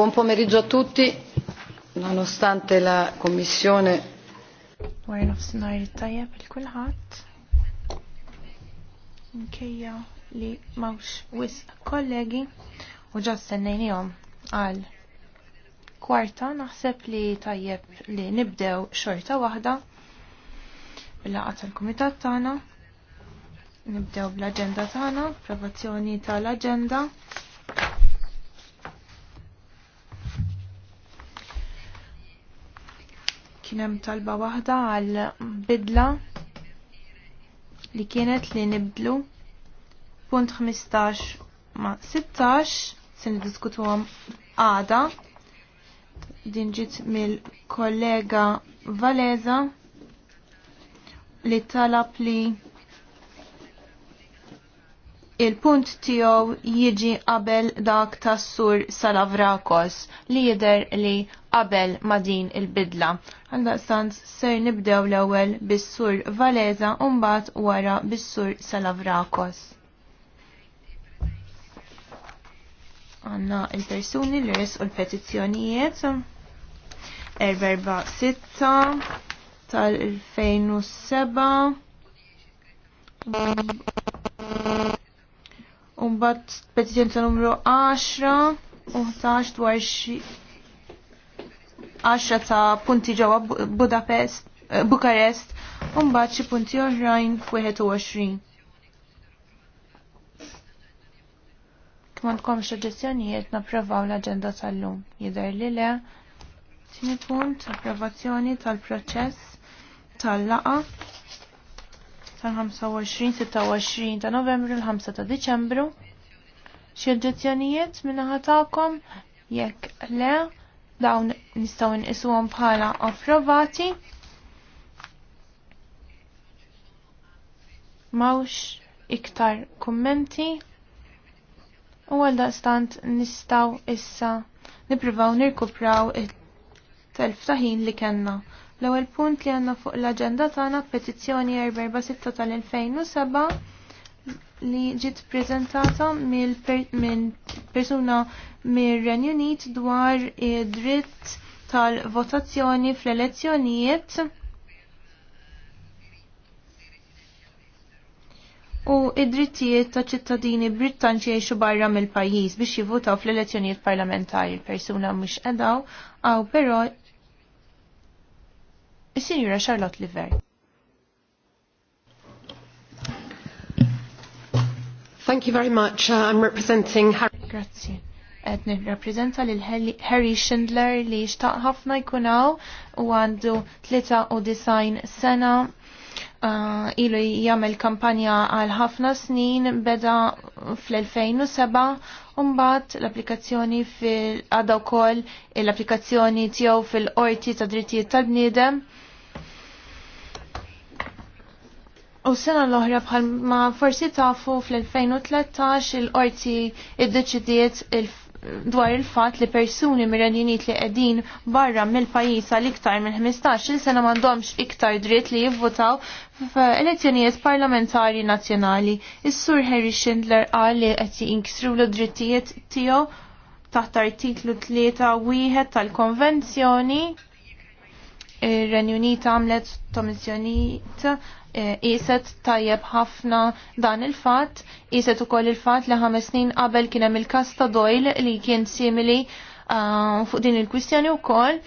Buon pomeriggio a tutti, nonostante la Commissione. tajjeb Nkejja li mawx wis kollegi u ġastennejni għom għal kwarta naħseb li tajjeb li nibdew xorta wahda bil-laqa tal-komitat tagħna. Nibdew bl-aġenda tagħna, provazzjoni tal-aġenda. kienem talba wahda għal bidla li kienet li nibdlu punt 15 ma 16 sen diskutu għam għada dinġit mill-kollega Valeza li talab li il-punt tiegħu jiġi qabel dak tas-sur Salavrakos li jidher li qabel ma din il-bidla. Għalda sans ser nibdew l-ewwel bis-sur Valeza u mbagħad wara bis-sur Salavrakos. Għanna il-persuni li resqu l-petizzjonijiet sitta tal-2007 Umbat petizjoni numru 10 u 11 dwar 10 ta' punti ġewwa Budapest, eh, Bukarest, u mbagħad xi punti oħrajn f'21. Kemm għandkom suġġezzjonijiet napprovaw l-aġenda tal-lum. Jidher li le. Tieni punt approvazzjoni tal-proċess tal-laqa tal-25-26 ta' novembru l-5 ta' Diċembru. Xi oġġezzjonijiet minna ħatakom jekk le dawn nistaw nqisuhom bħala approvati. Mawx iktar kummenti. U għaldaqstant daqstant nistaw issa nipruvaw nirkupraw il-telf taħin li kenna. L-ewwel punt li għandna fuq l agenda tagħna petizzjoni 'sitta tal-2007 li ġiet prezentata mill-persuna per mir-Renju Unit dwar id-dritt tal-votazzjoni fl-elezzjonijiet u id-drittijiet ta' ċittadini Brittanċi jiexu barra mill-pajjiż biex jivvotaw fl-elezzjonijiet parlamentari. Persuna mhux edaw, aw però is-Sinjura Charlotte Liver. Thank you very much. Uh, I'm representing Harry. Grazie qed nirrappreżenta lil Harry Schindler li xtaq ħafna jkunaw u għandu 93 sena uh, ilu jagħmel kampanja għal ħafna snin beda fl-2007 u mbagħad l-applikazzjoni fil u wkoll l-applikazzjoni tiegħu fil-qorti ta' drittijiet tal-bniedem. U sena l-oħra bħal ma forsi tafu fl-2013 il-qorti id-deċidiet dwar il-fat li persuni miranjiniet li qegħdin barra mill-pajjiż għal iktar minn 15-il sena m'għandhomx iktar dritt li jivvotaw f'elezzjonijiet parlamentari nazzjonali. Is-Sur Harry Schindler qal li qed jinkisru l-drittijiet tiegħu taħt artiklu 3 wieħed tal-Konvenzjoni ir-Renju Unit għamlet komissjonijiet Iset tajjeb ħafna dan il-fatt, u ukoll il-fatt li ħames snin qabel kien hemm il-kas ta' Doyle li kien simili uh, fuq din il-kwistjoni wkoll.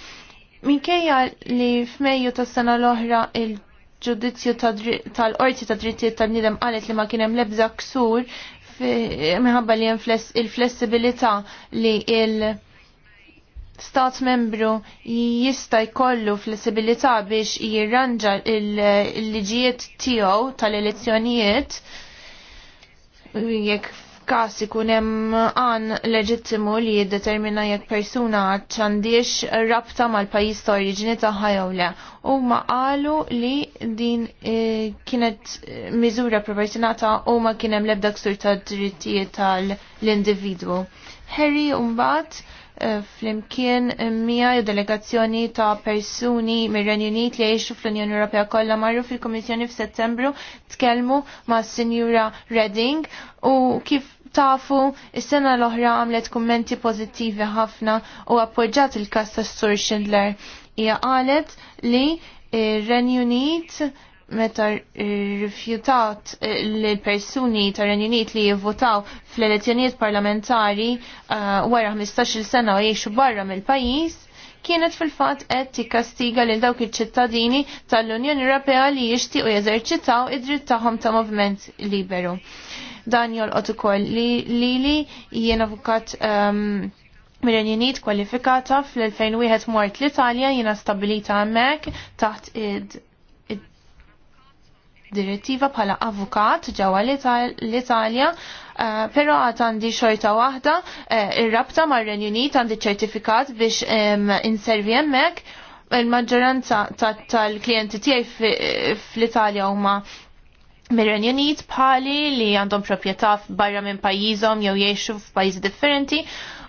Minkejja li f'Mejju tas-sena l-oħra il-ġudizzju tal-qorti ta' drittijiet tal-nidem qalet li ma kien hemm l-ebża ksur minħabba li hemm il-flessibilità li il-, -fless stat membru jista jkollu flessibilità biex jirranġa il-liġijiet tiegħu tal-elezzjonijiet jekk f'każ ikun hemm għan leġittimu li jiddetermina jekk persuna għandix rabta mal-pajjiż ta' oriġini tagħha jew le. Huma qalu li din eh, kienet eh, miżura proporzjonata u ma kien hemm l-ebda ksur ta' drittijiet tal-individwu. Harry mbagħad Eh, flimkien eh, mija delegazzjoni ta' persuni mir-Renju Unit li jgħixu fl-Unjoni Ewropea kollha marru fil-Kummissjoni f'Settembru tkellmu ma' Sinjura Redding u kif tafu is-sena l-oħra għamlet kummenti pożittivi ħafna u appoġġat il-kas ta' Sur Schindler. Hija qalet li ir-Renju eh, Unit meta rifjutat eh, li persuni tar Unit li jivvotaw fl-elezzjonijiet parlamentari eh, wara 15-il sena u jiexu barra mill-pajis, kienet fil-fat qed tikkastiga lil dawk iċ-ċittadini tal-Unjoni Ewropea li jixtiequ jeżerċitaw id-dritt tagħhom ta' moviment liberu. Dan jolqot ukoll li lili jien avukat um, ehm, Mir-Renjinit kwalifikata fl-2001 mort l-Italja jiena stabilita hemmhekk taħt id direttiva bħala avukat ġewwa l-Italja, eh, però għad għandi xorta waħda eh, ir-rabta mar-Renju Unit għandi ċertifikat biex inservi hemmhekk il-maġġoranza tal-klijenti tiegħi fl-Italja huma mir-Renju Unit bħali li għandhom proprjetà barra minn pajjiżhom jew jgħixu f'pajjiżi differenti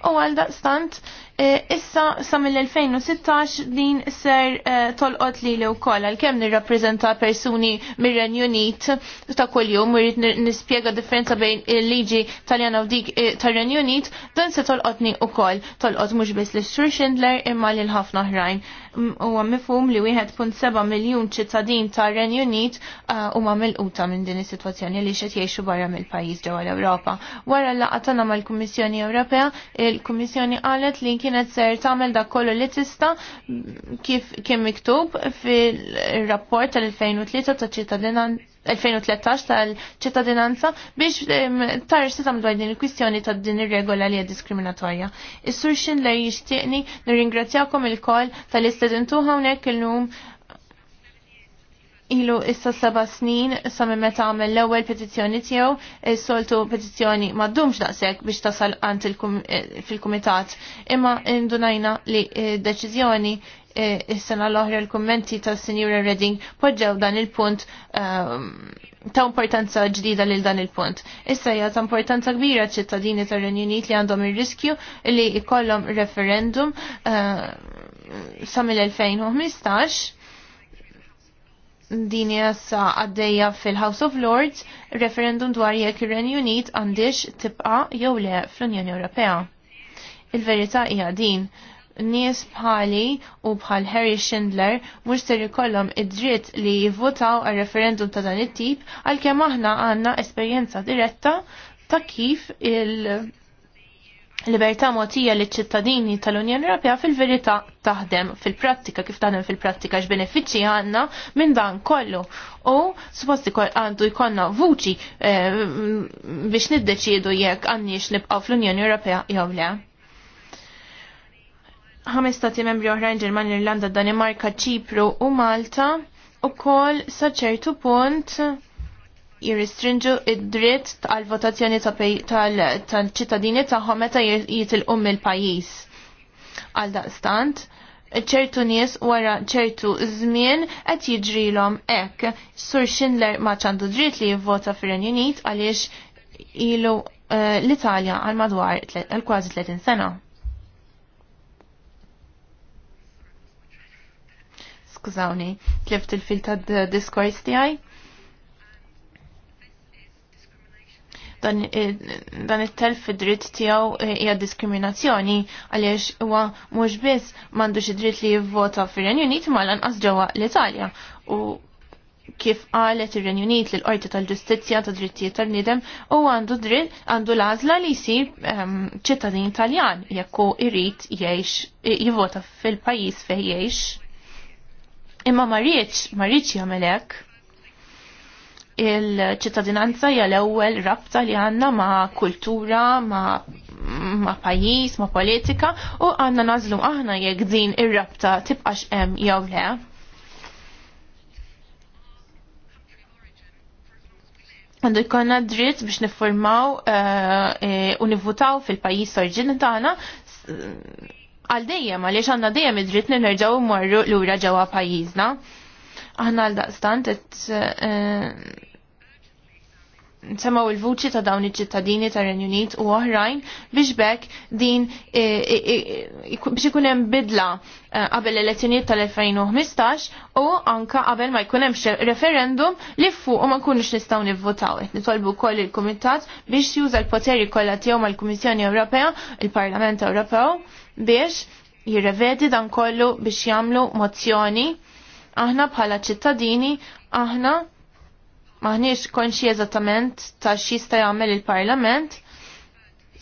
u għal daqstant Eh, issa sa mill-2016 din ser eh, tolqot li li wkoll għalkemm nirrappreżenta persuni mir-Renju Unit ta' kuljum u rrid nispjega differenza bejn il-liġi Taljana u dik eh, tar-Renju Unit, dan se tolqotni wkoll. Tolqot mhux biss lil Sur Schindler imma lil ħafna oħrajn. Huwa mifhum li 1.7 miljun ċittadin tar-Renju Unit huma milquta minn din is-sitwazzjoni li xet jgħixu barra mill-pajjiż ġewwa l-Ewropa. Wara l laqatana mal-Kummissjoni Ewropea, il-Kummissjoni qalet li kienet ser tagħmel dak kollu li tista' kif kien miktub fil-rapport tal-2003 ta' ċittadinanza 2013 tal-ċittadinanza biex tar se tam dwar din il-kwistjoni ta' din ir-regola li hija diskriminatorja. Is-sur Xinlej jixtieqni nirringrazzjakom il-koll tal-istedintu hawnhekk illum ilu issa seba snin sa meta għamil l-ewwel petizzjoni tiegħu, soltu petizzjoni ma ddumx daqshekk biex tasal għant eh, fil-kumitat. Imma indunajna li eh, deċiżjoni eh, is-sena l-oħra l-kummenti ta' Sinjura Redding poġġew dan il-punt ehm, ta' importanza ġdida lil dan il-punt. Issa hija ta' importanza kbira ċittadini tar renju Unit li għandhom ir-riskju li jkollhom referendum sa mill-2015 din jassa għaddejja fil-House of Lords referendum dwar jekk ir-Renju Unit għandix tibqa' jew le fl-Unjoni Ewropea. Il-verità hija din nies bħali u bħal Harry Schindler mhux ser ikollhom id-dritt li jivvotaw għal referendum ta' dan it-tip għalkemm aħna għandna esperjenza diretta ta' kif il- Libertà motija li ċittadini tal-Unjoni Ewropea fil-verità taħdem fil-prattika, kif taħdem fil-prattika x'benefiċċji għandna minn dan kollu. U supposti għandu jkollna vuċi eh, biex niddeċiedu jekk għandniex nibqgħu fl-Unjoni Ewropea jew le. Ħames stati membri oħrajn Ġermanja, Irlanda, Danimarka, Ċipru u Malta ukoll sa ċertu punt jirristrinġu id-dritt tal votazzjoni tal-ċittadini tagħhom meta jitilqu mill-pajjiż. Għal daqstant, ċertu nies wara ċertu żmien qed jiġrilhom hekk. Sur Schindler ma ċandu dritt li jivvota fir-Renju Unit għaliex ilu eh, l-Italja għal madwar kważi 30 sena. Skużawni, tlift il-fil tad diskors tiegħi. dan it-telf id-dritt tiegħu eh, hija diskriminazzjoni għaliex huwa mhux biss m'għandux id-dritt li jivvota fir-Renju Unit ma lanqas ġewwa l-Italja u kif qalet ir-Renju Unit lil qorti tal-Ġustizzja ta' drittijiet tal-nidem u għandu dritt għandu l-għażla li jsir ehm, ċittadin Italjan jekk hu irid jgħix eh, jivvota fil-pajjiż fejn jgħix. Imma ma rridx, ma rridx jagħmel hekk il-ċittadinanza hija l-ewwel rabta li għandna ma' kultura, ma' ma' pajjiż, ma' politika u għandna nażlu aħna jekk din ir-rabta tibqax hemm jew le. għandu jkollna dritt biex niffurmaw eh, eh, u nivvutaw fil pajis orġini tagħna għal dejjem għaliex għandna dejjem id-dritt li nerġgħu mmorru lura ġewwa pajjiżna. Aħna għal-daqstant eh, semaw il-vuċi ta' dawn iċ-ċittadini ta' Renjunit u oħrajn biex bekk din eh, eh, biex ikun hemm bidla qabel elezzjonijiet tal-2015 u anka qabel ma jkun hemm referendum li fuq ma nkunux nistgħu nivvotaw. Qed nitolbu wkoll il-Kumitat biex juża l-poteri kollha tiegħu mal-Kummissjoni Ewropea, il-Parlament Ewropew biex jirrevedi dan kollu biex jagħmlu mozzjoni Aħna bħala ċittadini, aħna maħniex konxi eżattament ta' xista jagħmel il-Parlament,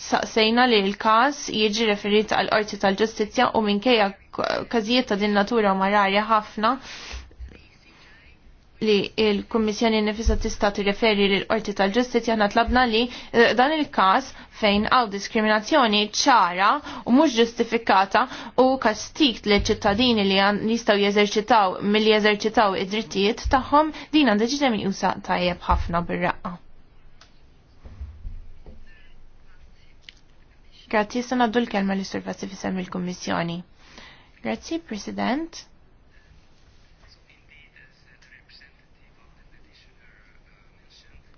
saqsejna li l-każ jiġi referit għal qorti tal-ġustizzja u minkejja każijiet ta' din natura mararja ħafna li il-Kommissjoni nifisa tista' tirreferi l qorti tal-Ġustizzja aħna li eh, dan il-każ fejn għaw diskriminazzjoni ċara u mhux ġustifikata u kastik li ċittadini li jistgħu jeżerċitaw milli jeżerċitaw id-drittijiet tagħhom din għandha ġidem jusa tajjeb ħafna bir-raqqa. Grazzi, sanaddu l-kelma li surfassi fissem il-Kommissjoni. Grazzi, President.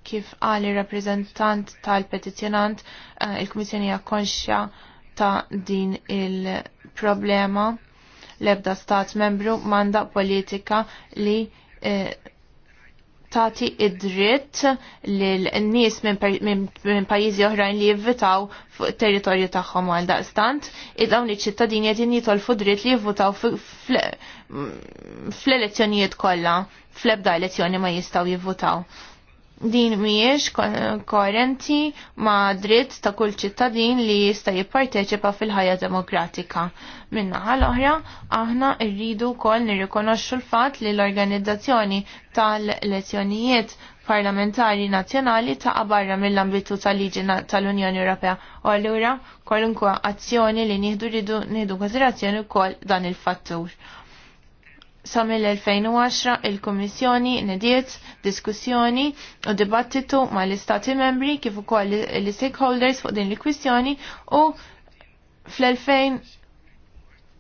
kif għal il reprezentant tal-petizjonant eh, il-Komissjoni konxja ta' din il-problema l-ebda stat membru manda politika li eh, tati id-dritt l-nies minn pajjiżi oħrajn li jivvitaw fuq territorju tagħhom għal daqstant, id-dawn iċ-ċittadini qed jitolfu dritt li jivvutaw fl-elezzjonijiet kollha, fl-ebda elezzjoni ma jistgħu jivvutaw din miex koherenti ma' dritt ta' kull ċittadin li jista' jipparteċipa fil-ħajja demokratika. Minna l-oħra, aħna rridu kol nirrikonoxxu l-fatt li l-organizzazzjoni tal-elezzjonijiet parlamentari nazzjonali ta' barra mill-ambitu tal-liġi tal-Unjoni Ewropea. U allura kwalunkwe azzjoni li nieħdu rridu nieħdu konsiderazzjoni wkoll dan il-fattur sa mill-2010 il-Kommissjoni nediet diskussjoni u dibattitu ma l-Istati membri kif ukoll l-stakeholders fuq din il-kwistjoni u fl-2000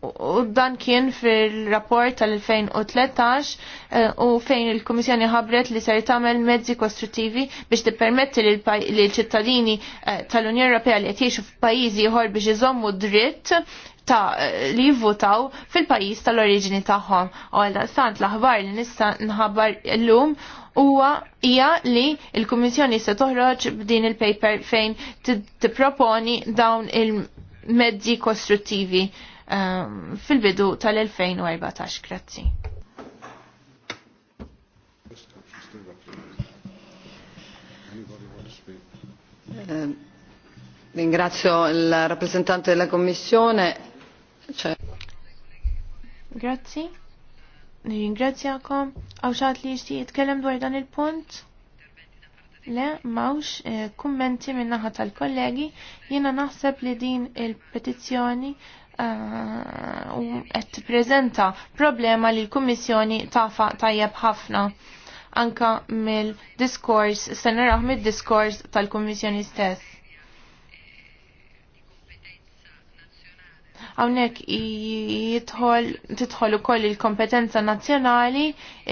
u dan kien fil-rapport tal-2013 eh, u fejn il kommissjoni ħabret li ser tagħmel mezzi kostruttivi biex tippermetti li l-ċittadini eh, tal-Unjoni Ewropea li qed jgħixu f'pajjiżi ieħor biex iżommu dritt ta' li jivvotaw fil-pajis tal-oriġini tagħhom. Għalda sant l-aħbar li nista' nħabbar l-lum huwa hija li l-Kummissjoni se toħroġ b'din il-paper fejn tipproponi dawn il-mezzi kostruttivi ehm, fil-bidu tal-2014. Grazzi. Ehm, ringrazio il rappresentante della Commissione Grazzi. ringrazzjakom. Għaw xaħat li jishti jitkellem dwar dan il-punt? Le, mawx eh, kummenti kummenti naħa tal-kollegi. Jena naħseb li din il-petizjoni eh, qed tippreżenta prezenta problema li l-Kummissjoni tafa tajjeb ħafna anka mill-diskors, se naraħ mid diskors tal-Kummissjoni stess Hawnhekk jidħol tidħol ukoll il-kompetenza nazzjonali,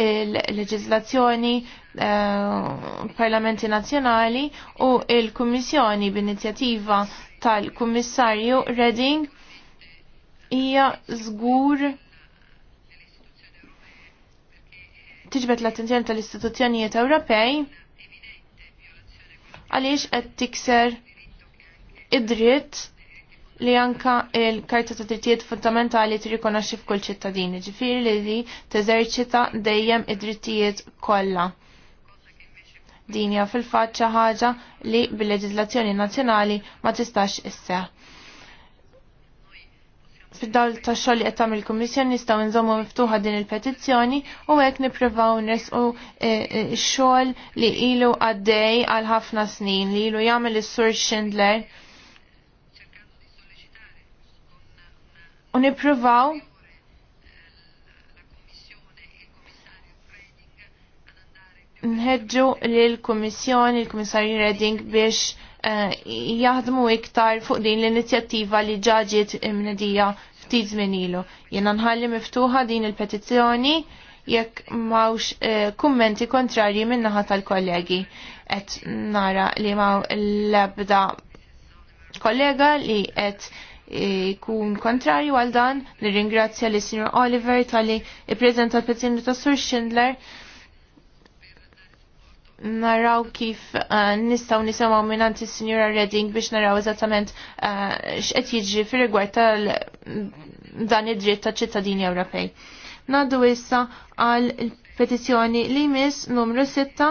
il-leġiżlazzjoni eh, parlamenti nazzjonali u il-Kummissjoni b'inizjattiva tal-Kummissarju Reding hija żgur tiġbet l-attenzjoni tal-istituzzjonijiet Ewropej għaliex qed tikser id-dritt li anka il-Karta ta' Drittijiet Fundamentali tirrikonoxxi f'kull ċittadini, ġifieri li li teżerċita dejjem id-drittijiet kollha. Din hija fil faċċa ħaġa li bil leġizlazzjoni nazzjonali ma tistax isseħ. Fid-dawl ta' xogħol li qed tagħmel il-Kummissjoni nistgħu nżommu miftuħa din il-petizzjoni u hekk nippruvaw nresqu e, e, x-xogħol li ilu għaddej għal ħafna snin li ilu jagħmel is-Sur Schindler u nippruvaw nħedġu l-Komissjoni, l-Komissarju Redding biex eh, jaħdmu iktar fuq din l-inizjattiva li ġaġiet imnedija ftit żmien ilu. Jiena nħalli miftuħa din il-petizzjoni jekk mawx eh, kummenti kontrarji minnaħa tal-kollegi. Et nara li maw l-ebda kollega li et ikun kontrarju għal dan, nirringrazzja li Sr. Oliver tal-li i-prezenta l-pezzjoni ta' Sur Schindler. Naraw kif uh, nistaw nisemaw minnant s sinjura Redding biex naraw eżattament uh, x'qed jiġri fir-rigward tal dan id-dritt ta' ċittadini Ewropej. Naddu issa għal petizzjoni li mis numru 6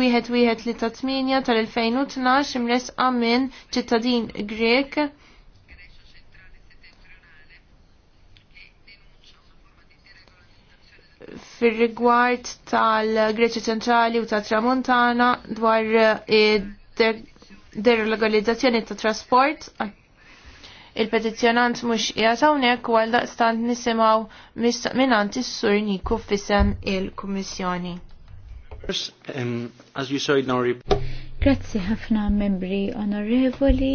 wieħed wieħed li ta' 8 tal-2012 imresqa minn ċittadin Grek fir-rigward tal-Greċi ċentrali u tat-Tramontana dwar eh, der-legalizzazzjoni ta' trasport. Il-petizzjonant mhux qiegħed hawnhekk u stand nisimgħu minant s sur Niku fissem il-Kummissjoni. Um, Grazzi ħafna membri onorevoli.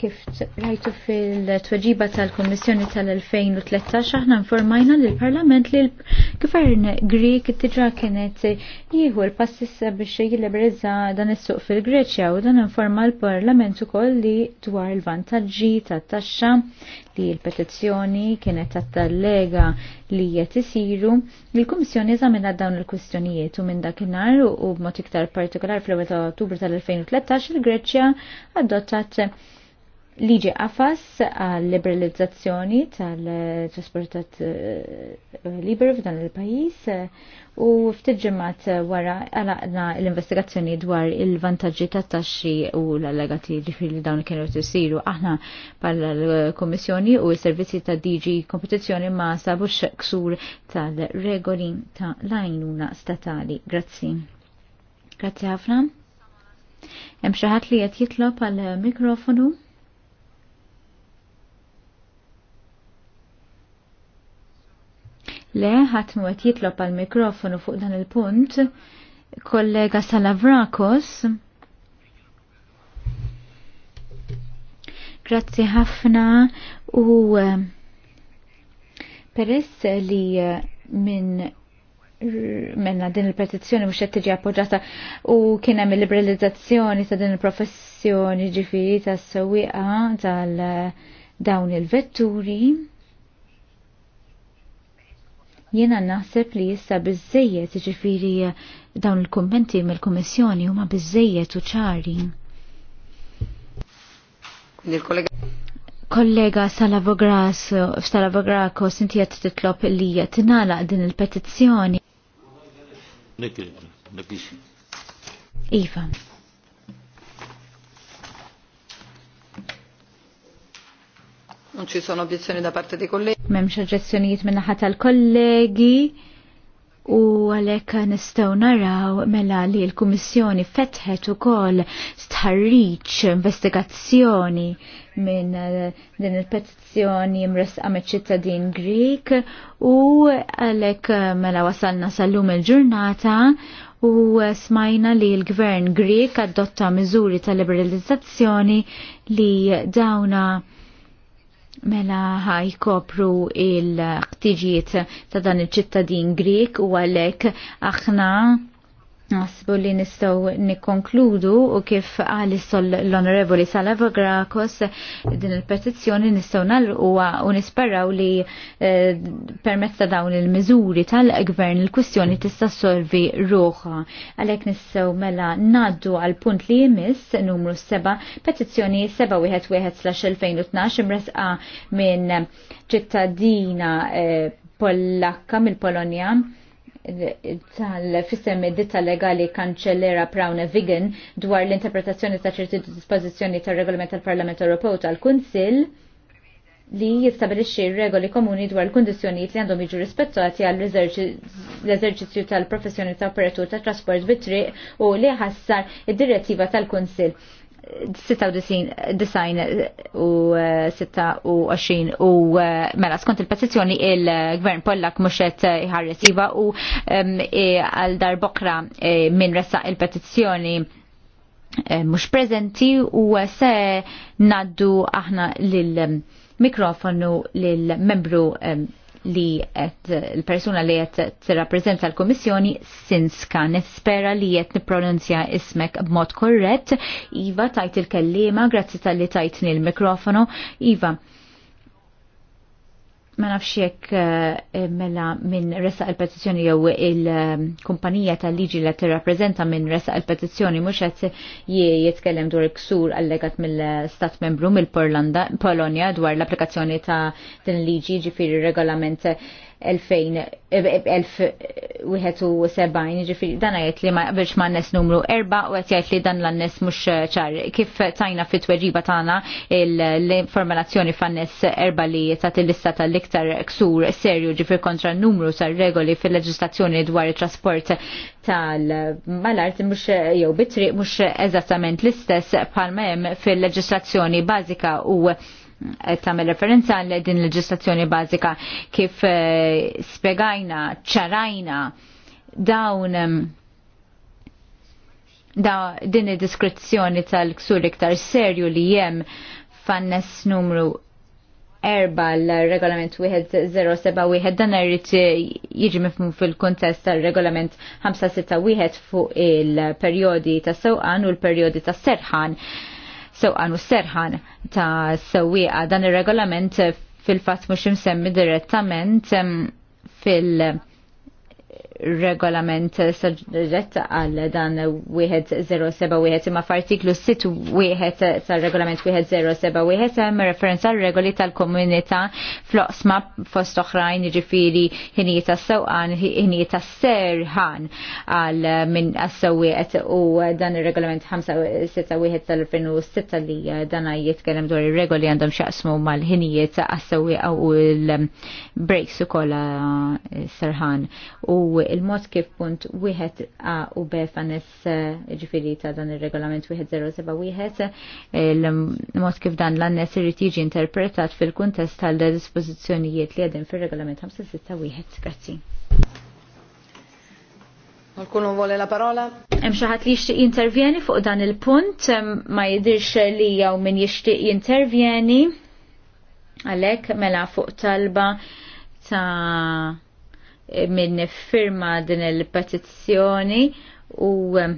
Kif rajtu fil-tweġiba tal-Kommissjoni tal-2013 aħna informajna l parlament li l-Gvern Grek tiġa kienet jieħu l-passissa biex jilebrezza dan is-suq fil-Greċja u dan informa l-Parlament ukoll li dwar il-vantaġġi tat-taxxa li l-petizzjoni kienet tat-tallega li qed isiru. Il-Kummissjoni eżamina dawn il-kwistjonijiet u minn dakinhar u b'mod iktar partikolar fl-ewwel ta' Ottubru tal-2013 il-Greċja adottat liġi qafas għal liberalizzazzjoni tal-trasportat eh, liber f'dan il-pajis eh, u ftit ġimgħat wara għalaqna l-investigazzjoni dwar il-vantaġġi ta' taxxi u l-allegati li dawn kienu tisiru aħna bħall-Kummissjoni u s-servizzi ta' DG Kompetizzjoni ma sabux ksur tal-regoli ta' lajnuna statali. Grazzi. Grazzi ħafna. Hemm xi ħadd li qed jitlob għal mikrofonu. Le, ħadd mu qed jitlob għal mikrofonu fuq dan il-punt. Kollega Salavrakos. Grazzi ħafna u eh, peress li eh, minn menna din il-petizzjoni mux tiġi appoġġata u kien hemm il-liberalizzazzjoni ta' din il-professjoni ġifieri tas-sewwieqa tal eh, dawn il-vetturi. Jena naħseb li jissa bizzejiet ġifiri dawn il-kommenti mill-Kommissjoni huma bizzejiet u ċari. Kollega Salavogras, Salavograko, sinti jett titlop li jattinala din il-petizzjoni. Iva. Non ci sono obiezioni da parte dei colleghi? memx oġezzjonijiet minnaħa tal-kollegi u għalek nistaw naraw mela li l-Kummissjoni fetħet ukoll stħarriċ investigazzjoni minn eh, din il-petizzjoni mresqa għamet ċittadin Grik u għalek eh, mela wasalna sal-lum il-ġurnata u smajna li l-gvern Grek adotta miżuri ta' liberalizzazzjoni li dawna mela ħaj kopru il-ħtiġiet ta' dan il-ċittadin Grek u għalek aħna Nasbu li nistaw nikonkludu u kif għali sol l-Onorevoli Salavo Grakos din il-petizzjoni nistaw nal u nisperaw li eh, permetta dawn il-mizuri tal-gvern il-kwistjoni tista' solvi roħa. Għalek nistaw mela naddu għal punt li jmiss numru 7 petizzjoni 711-2012 imresqa minn ċittadina eh, Pollakka mill-Polonja tal-fissem ditta legali kanċellera Prawne Vigan dwar l-interpretazzjoni ta' ċerti dispożizzjoni tal-regolament tal-Parlament Ewropew tal-Kunsill li jistabilixxi regoli komuni dwar l kundizzjonijiet li għandhom jiġu rispettati għall l-eżerċizzju tal-professjoni ta' operatur ta' trasport bit-triq u li ħassar id-direttiva tal-Kunsill. 96 u 26 eh, u eh, mela skont il-petizzjoni il-gvern Pollak muxet eh, iħarres iva u għal dar bokra minn ressa il-petizzjoni mux prezenti u se naddu aħna lil mikrofonu lil membru li qed l persuna li qed tirrappreżenta l komissjoni Sinska. Nispera li qed nippronunzja ismek b'mod korrett. Iva tajt il-kellima, grazzi tal-li tajtni l-mikrofono. Iva, ma nafx jekk eh, mela minn resa il-petizzjoni jew il-kumpanija tal-liġi li tirrappreżenta minn resa il-petizzjoni mhux qed jitkellem dwar iksur allegat mill-Stat Membru mill polonia dwar l-applikazzjoni ta' din liġi ġifiri regolament 2071 ġifiri dan għajt li ma ma n-nes numru 4 u għajt li dan l nes mux ċar. Kif tajna fit tweġiba tana l-informazzjoni fan-nes 4 li tat il-lista tal-iktar ksur serju ġifiri kontra numru tal-regoli fil-leġislazzjoni dwar il-trasport tal-malart mux jew bitri mux eżattament l-istess palmem fil-leġislazzjoni bazika u tagħmel referenza għal din leġislazzjoni bażika kif eh, spiegajna, ċarajna dawn da din id-diskrezzjoni tal-ksur iktar serju li jem fannes numru erba l-regolament 1071 dan irrid jiġi mifmu fil-kuntest tal-regolament 561 fuq il periodi ta' sewqan u l-perjodi ta' serħan sewqan u serħan ta' sewwieqa dan ir-regolament fil-fatt mhux imsemmi direttament fil- regolament saġġetta għal dan 1071 imma f'artiklu 6 tal-regolament 1071 hemm referenza għal regoli tal-komunità fl-oqsma fost oħrajn ġifiri ħinijiet tas-sewqan ħinijiet tas-serħan għal minn as u dan ir-regolament 561 tal-2006 li dan jitkellem dwar ir-regoli għandhom xaqsmu mal-ħinijiet għas-sewwieqa u l-breaks ukoll eh, serħan u il-mod kif punt wieħed A u B fanis eh, ġifiri ta' dan il-regolament 1071 il-mod kif dan l-annes irrid jiġi interpretat fil-kuntest tal-dispożizzjonijiet li għedin fil-regolament wieħed. Grazzi. Qualcuno vuole la parola? Hemm xi ħadd li jixtieq jintervjeni fuq dan il-punt, ma jidirx li jew min jixtieq jintervjeni. Għalhekk mela fuq talba ta' minn firma din il-petizzjoni u eh,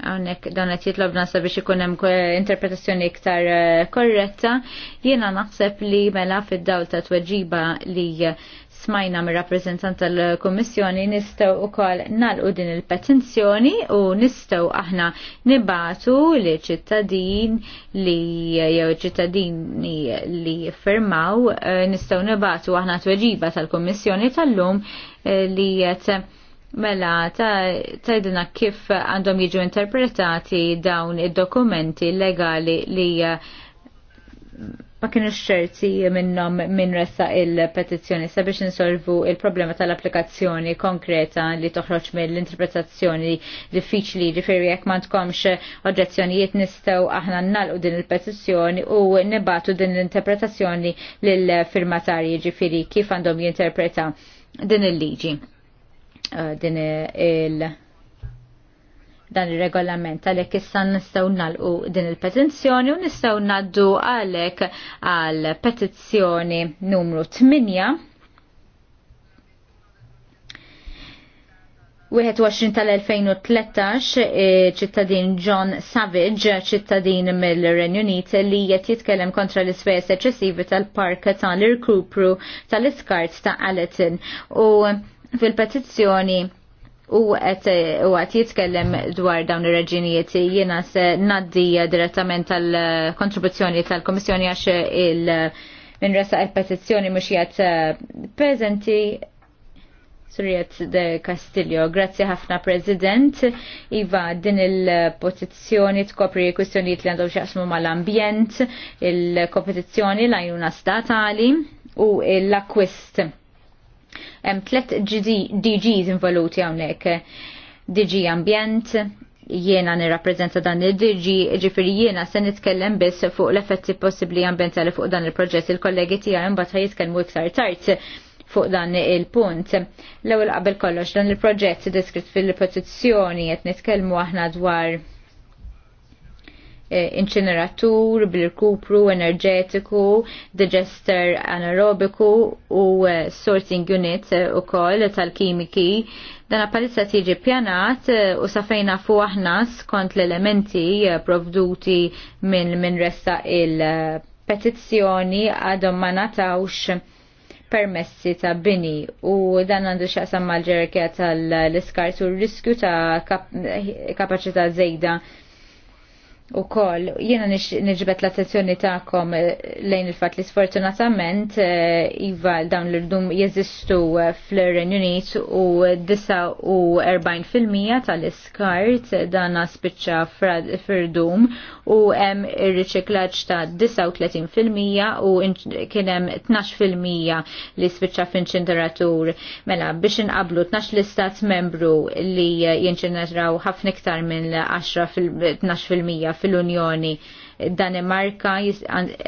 għonek dan qed jitlob nasa biex ikun hemm eh, interpretazzjoni iktar eh, korretta, jiena naħseb li mela fid-dawl ta' tweġiba li smajna mir rappresentant tal-Kommissjoni nistgħu wkoll nalqu din il-petenzjoni u nistgħu aħna nibatu li ċittadin li jew ċittadini li firmaw eh, nistgħu nibatu aħna tweġiba tal-Kommissjoni tal-lum eh, li jett Mela, tajdina kif għandhom jiġu interpretati dawn id-dokumenti legali li eh, ma kienu xerti minnom minn ressa il-petizzjoni sabiex insolvu il-problema tal-applikazzjoni konkreta li toħroġ mill-interpretazzjoni diffiċli ġifiri jekk ma tkomx oġġezzjonijiet nistgħu aħna nnalqu din il-petizzjoni u nibatu din l-interpretazzjoni lill-firmatarji ġifiri kif għandhom jinterpreta din il-liġi din il-, -liġi. Uh, din il dan il-regolament għalek issa nistaw nalqu din il-petizjoni u nistaw naddu għalek għal petizjoni numru 8 21 tal-2013 e, ċittadin John Savage, ċittadin mill-Renju Unit, li jett jitkellem kontra l-ispejs eċċessivi tal-park tal-irkupru tal-iskart ta' Allerton. U fil-petizzjoni u għat jitkellem dwar dawn ir-reġinijiet jiena se naddi direttament tal-kontribuzzjoni tal-Komissjoni għax il- minn resa il-petizzjoni mux jgħat eh, prezenti Surjet de Castillo, grazzi ħafna President. Iva, din il-pozizjoni tkopri kwistjonijiet li għandhom xaqsmu mal-ambjent, il-kompetizzjoni l-għajnuna statali u l-akwist Hemm tliet DGs involuti hawnhekk. DG Ambjent, jiena nirrappreżenta dan il dg ġifiri jiena se nitkellem biss fuq l-effetti possibli ambjentali fuq dan il-proġett il-kollegi tiegħi mbagħad ħajitkellmu iktar tard fuq dan il-punt. L-ewwel qabel kollox dan il-proġett diskrit fil-petizzjoni qed nitkellmu aħna dwar Eh, inċineratur bil-kupru enerġetiku, digester anaerobiku u eh, sorting unit eh, u koll tal-kimiki. Dan palizza tiġi pjanat u safejna fu aħna skont l-elementi provduti minn min resta il-petizzjoni għadhom ma natawx permessi ta' bini u dan għandu xaqsam mal-ġerkja tal iskartu r-riskju ta' kap kapacità zejda u koll, jena nġibet l-attenzjoni ta'kom eh, lejn il-fat li sfortunatament eh, Iva dawn l-irdum jeżistu eh, fl-Iran Unit u 49% tal-iskart dana spiċċa fir-dum u hemm ir-riċiklaġġ ta' 39% u kien hemm 12% li spiċċa f'inċineratur. Mela biex inqablu 12 l-istat membru li jinċineraw ħafna iktar minn 10 12% fil-Unjoni. Danimarka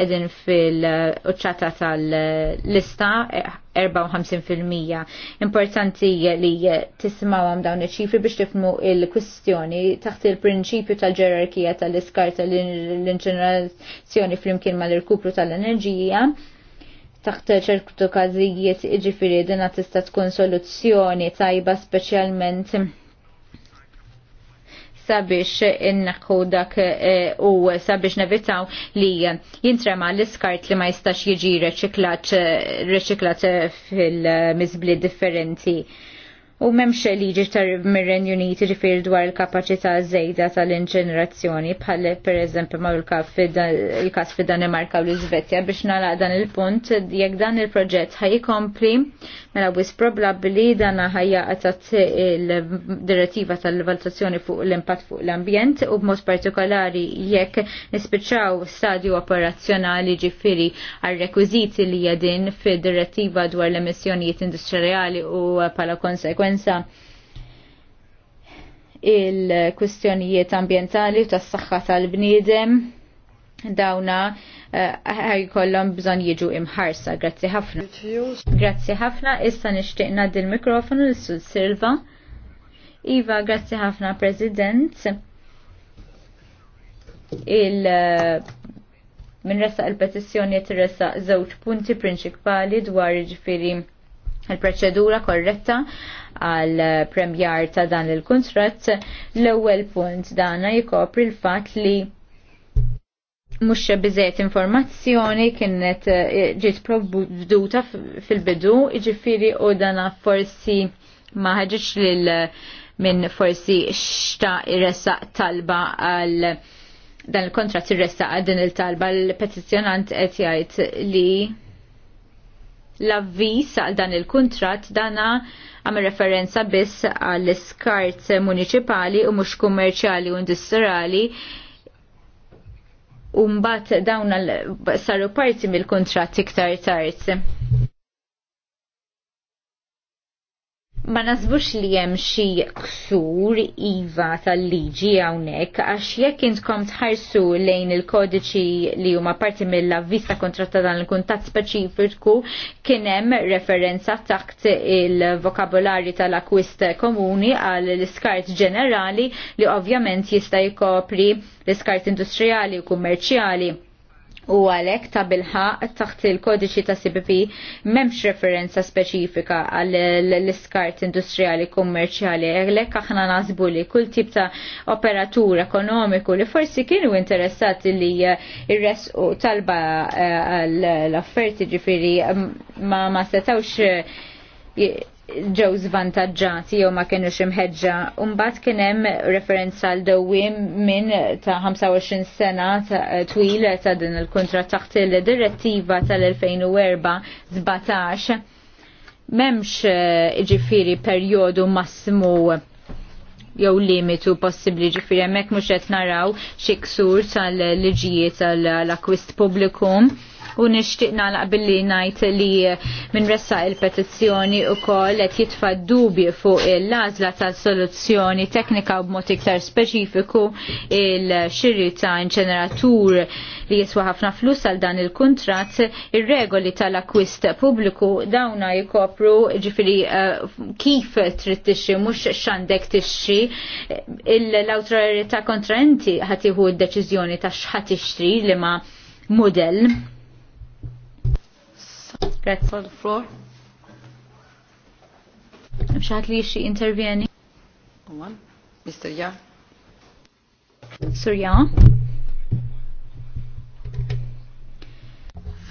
edin fil-uċċata tal-lista 54%. Eh, Importanti li tismaw għam dawn iċ-ċifri biex tifmu il-kwistjoni taħt il-prinċipju tal-ġerarkija tal-iskarta l-inġenerazzjoni fl-imkien mal-irkupru tal-enerġija taħt ċertu każijiet iġifiri dina tista' tkun soluzzjoni tajba speċjalment sabiex innaħħu dak e, u sabiex nevitaw li jintrema l-iskart li ma jistax jiġi reċiklat e, fil-mizbli differenti. U memx liġi tar mirren uniti ġifir dwar il-kapacità zejda tal-inġenerazzjoni bħal per eżempju ma il-kas fi Danimarka u l-Izvezja biex nalaq dan il-punt jekk dan il-proġett ħajkompli Mela wis probabbli dan ħajjaqat il-direttiva tal-valutazzjoni fuq l-impatt fuq l-ambjent u b'mod partikolari jekk nispiċċaw stadju operazzjonali ġifiri għal-rekwiziti li jedin fid-direttiva dwar l-emissjonijiet industrijali u pala konsekwenza il-kwistjonijiet ambientali u tas-saħħa tal-bniedem dawna eh, ħaj kollom bżonn jiġu imħarsa. Grazzi ħafna. Grazzi ħafna, issa nixtieq ngħaddi mikrofonu l-Sul Silva. Iva, grazzi ħafna, President. Il eh, Min resa il-petizzjoni tirressaq żewġ punti prinċipali dwar ġifiri il-proċedura korretta għal premjar ta' dan il-kontrat. L-ewwel punt dana jikopri l-fatt li mux bizet informazzjoni kienet eh, ġiet provduta fil-bidu, iġifiri u dana forsi maħġiċ lil minn forsi xta irressa talba għal dan il-kontrat irressa għal din il-talba l-petizjonant qed jgħid li l-avvis għal dan il-kontrat dana għam referenza biss għall skart municipali u mux kummerċali u industriali u mbagħad dawn saru parti mill-kuntratt iktar tard. ma nazbux li hemm xi ksur iva tal-liġi hawnhekk għax jekk intkom tħarsu lejn il-kodiċi li huma parti mill-avvista kontratta dan il kuntat speċifiku kien hemm referenza taħt il-vokabolari tal-akwist komuni għal l-iskart ġenerali li ovvjament jista' jkopri l-iskart industrijali u kummerċjali U għalek ta' bilħaq taħt il-kodiċi ta' CBP memx referenza speċifika għall l-iskart industrijali kummerċjali għalek aħna nasbu li kull tip ta' operatur ekonomiku li forsi kienu interessati li il-res u talba eh, l-offerti ġifiri ma ma setawx eh, ġew zvantagġati jew ma kienux imħeġġa. Umbat kien hemm referenza għal dewwiem minn ta' 25 sena twil ta' din il-kuntratt taħt il-direttiva tal-2004 17 m'hemmx eh, ġifiri perjodu massimu jew limitu possibbli ġifiri hemmhekk mhux qed naraw xi ksur tal-liġijiet tal-akwist pubblikum u nishtiqna laqbilli najt li minn ressa il-petizzjoni u koll et jitfa dubi fuq il-lazla ta' soluzzjoni teknika u b'mod iktar speċifiku il-xirri ta' inċeneratur li jiswa ħafna flus għal dan il-kontrat ir-regoli tal-akwist pubbliku dawna jikopru ġifiri uh, kif trid tixxi mhux x'għandek tixxi l-awtorità kontraenti ħatiħu d-deċiżjoni ta' x'ħat tixtri li ma' model Grazie. For the floor. li xie intervjeni. Għan, Mr. Ja. Sur Ja.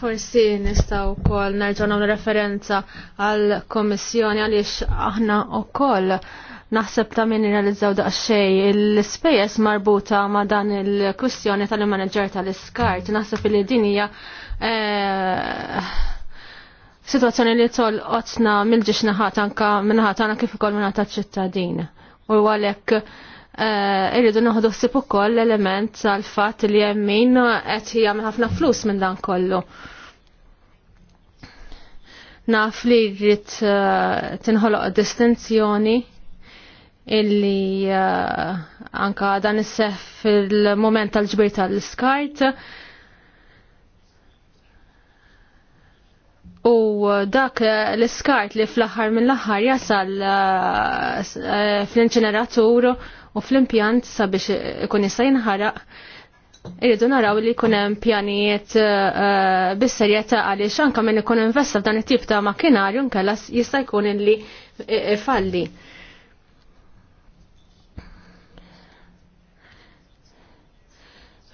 Forsi nistaw kol nerġonaw referenza għal-Komissjoni għaliex aħna u kol naħseb ta' min realizzaw xej l spejes marbuta ma' dan il kustjoni tal-manager tal-iskart. Naħseb li din hija eh, situazzjoni li tol qotna mill-ġiex naħat anka minnaħat kif ukoll minnaħat ċittadin. U għalhekk eh, irridu naħdu ħsib ukoll l-element tal-fatt li hemm min qed ħafna flus minn dan kollu. Naf li rrit eh, tinħoloq distinzjoni illi eh, anka dan isseħ il moment tal-ġbir tal-skart U uh, dak uh, l-iskart li fl-aħħar mill-aħħar jasal uh, fl-inċineratur u fl-impjant sabiex ikun jista' jinħaraq. Irridu naraw li jkun hemm pjanijiet bis-serjetà għaliex anke minn ikun investa f'dan it-tip ta' makinarju nkella jista' jkun illi falli.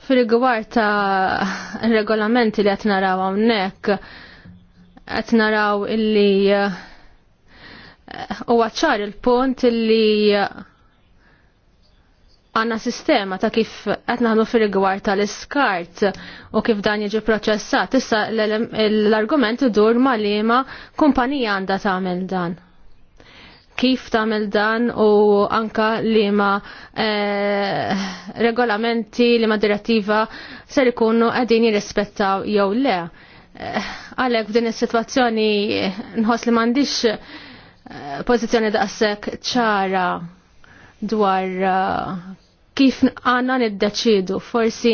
Fil-rigward ta' regolamenti li qed naraw hawnhekk qed naraw illi uh, huwa ċar il-punt illi uh, għanna sistema ta' kif qed naħdmu fir-rigward tal-iskart u kif dan jiġi proċessat. Issa l-argument dur ma' liema kumpanija għandha tagħmel dan kif tagħmel dan u anka liema ma eh, regolamenti liema direttiva ser ikunu qegħdin jirrispettaw jew le. Eh, għalek f'din is-sitwazzjoni eh, nħoss li m'għandix eh, pożizzjoni daqshekk ċara dwar kif għanna niddeċidu, forsi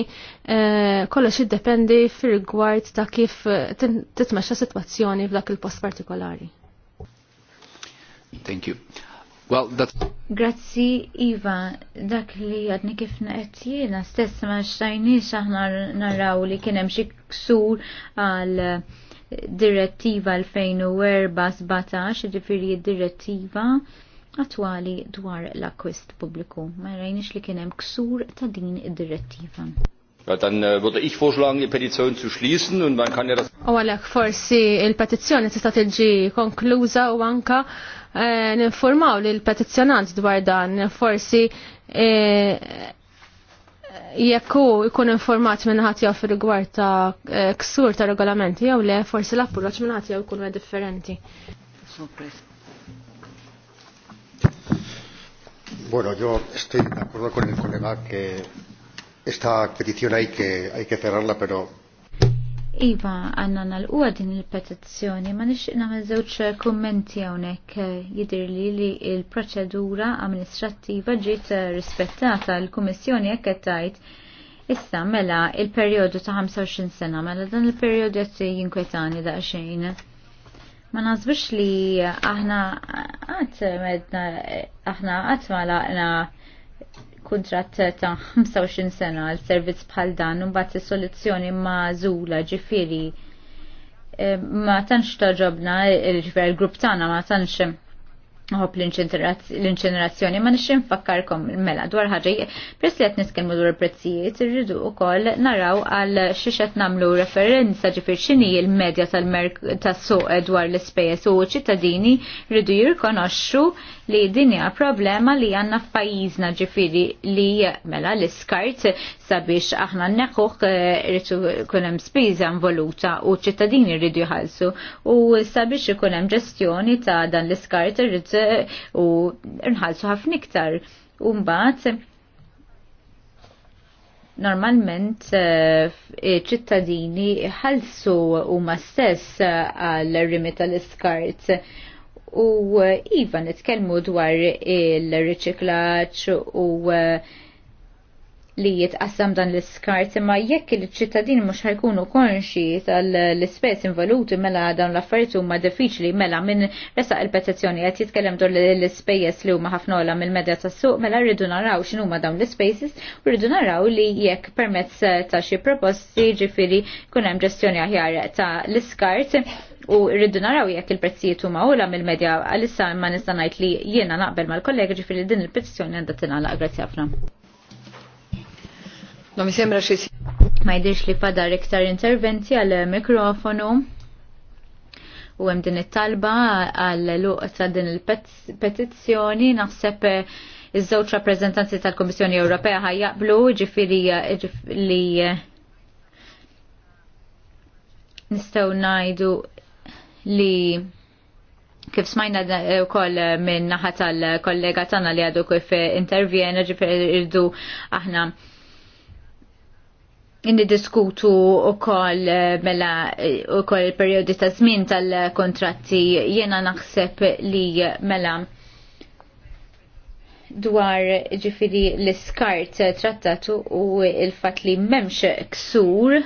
kollox jiddependi fir-rigward ta' kif titmexxa sitwazzjoni f'dak il-post partikolari. Thank you. Well, that's... Grazzi, Iva, dak li għadni kif naqet jena, stess ma xtajniex aħna narraw li kienem xie ksur għal direttiva 2014, 17 ġifiri direttiva attwali dwar l-akwist publiku. Ma rajniex li kienem ksur ta' din id-direttiva. Ja, dann äh, würde ich vorschlagen, die Petition zu schließen und man kann ja das... U għalek forsi il-petizzjoni tista' tiġi konklusa u anka eh, ninformaw li l-petizzjonant dwar dan forsi eh, jekku jkun informat minn ħadd jew rigward ta' eh, ksur ta' regolamenti jew le forsi l-approċċ minn ħadd jew jkun differenti. Bueno, yo estoy de acuerdo con el colega que esta petición hay que, hay que cerrarla, pero... Iva, għanna nal-uwa din il-petizzjoni, ma nixtieq nagħmel żewġ kummenti hawnhekk jidir li li l-proċedura amministrattiva ġiet rispettata l-Kummissjoni jekk qed issa mela il-perjodu ta' 25 sena, mela dan il-perjodu qed jinkwetani daqsxejn. Ma nazbix li aħna għat medna aħna qatt ma laqna kuntratt ta' 25 sena għal servizz bħal dan u mbagħad is-soluzzjoni mażula ġifieri eh, ma tantx toġobna il-grupp tagħna ma tantx Hop l-inċenerazzjoni ma nix fakkarkom mela dwar ħaġa press li qed nitkellmu dwar prezzijiet irridu wkoll naraw għal xi namlu nagħmlu referenza ġifir x'inhi l-medja tal-merk tas-suq dwar l-ispejjeż u ċittadini rridu jirkonoxxu li din hija problema li għandna f'pajjiżna ġifiri li mela l-iskart sabiex aħna neħuħ eh, rridu kunem spiza spiża involuta u ċittadini rridu jħallsu u sabiex ikun hemm ġestjoni ta' dan l-iskart irridu Eh, u nħalsu ħafna iktar. U mbagħad normalment eh, ċittadini ħalsu huma stess eh, għal rimi tal-iskart. U iva nitkellmu dwar il-riċiklaċ u uh, li jitqassam dan l-iskart imma jekk il-ċittadin mhux ħajkunu konxi tal-ispess involuti mela dawn l-affarijiet huma diffiċli mela minn resaq il-petizzjoni qed jitkellem dwar l-ispejjeż li huma ħafna ola mill-medja tas-suq mela rridu naraw x'inhu huma dawn l-ispejjeż u rridu naraw li jekk permezz ta' xi proposti ġifiri kun hemm ġestjoni aħjar ta' l-iskart u rridu naraw jekk il-prezzijiet huma ola mill-medja għalissa ma nista' ngħid li jiena naqbel mal-kollega ġifiri din il-petizzjoni għandha tingħalaq grazzi ħafna. No, mi sembra xi. Ma jidhirx li fadar iktar interventi għal mikrofonu u hemm din it-talba għal luq ta' din il-petizzjoni naħseb eh, iż-żewġ rappreżentanti tal-Kummissjoni Ewropea ħajjaqblu ġifieri li eh, eh, nistgħu ngħidu li kif smajna wkoll minn naħa tal-kollega tagħna li għadu kif intervjena ġifieri irdu aħna Nidiskutu u koll eh, mela eh, u koll periodi ta' zmin tal-kontratti jena naħseb li mela dwar ġifiri l-skart trattatu u il-fat li memx ksur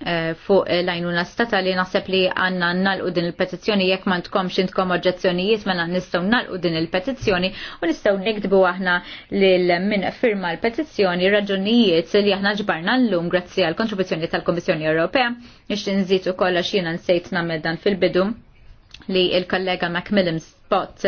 Eh, fuq l-għajnuna statali naħseb li għanna nalqu din il-petizzjoni jekk ma tkom intkom oġġezzjonijiet mela nistgħu nalqu din il-petizzjoni u nistgħu nikdbu aħna lil min firma l-petizzjoni raġunijiet li aħna ġbarna llum grazzi għal kontribuzzjoni tal kummissjoni Ewropea nixtin nżid ukoll għax jiena nsejt nagħmel dan fil-bidu li il-kollega Mac Millims Spot.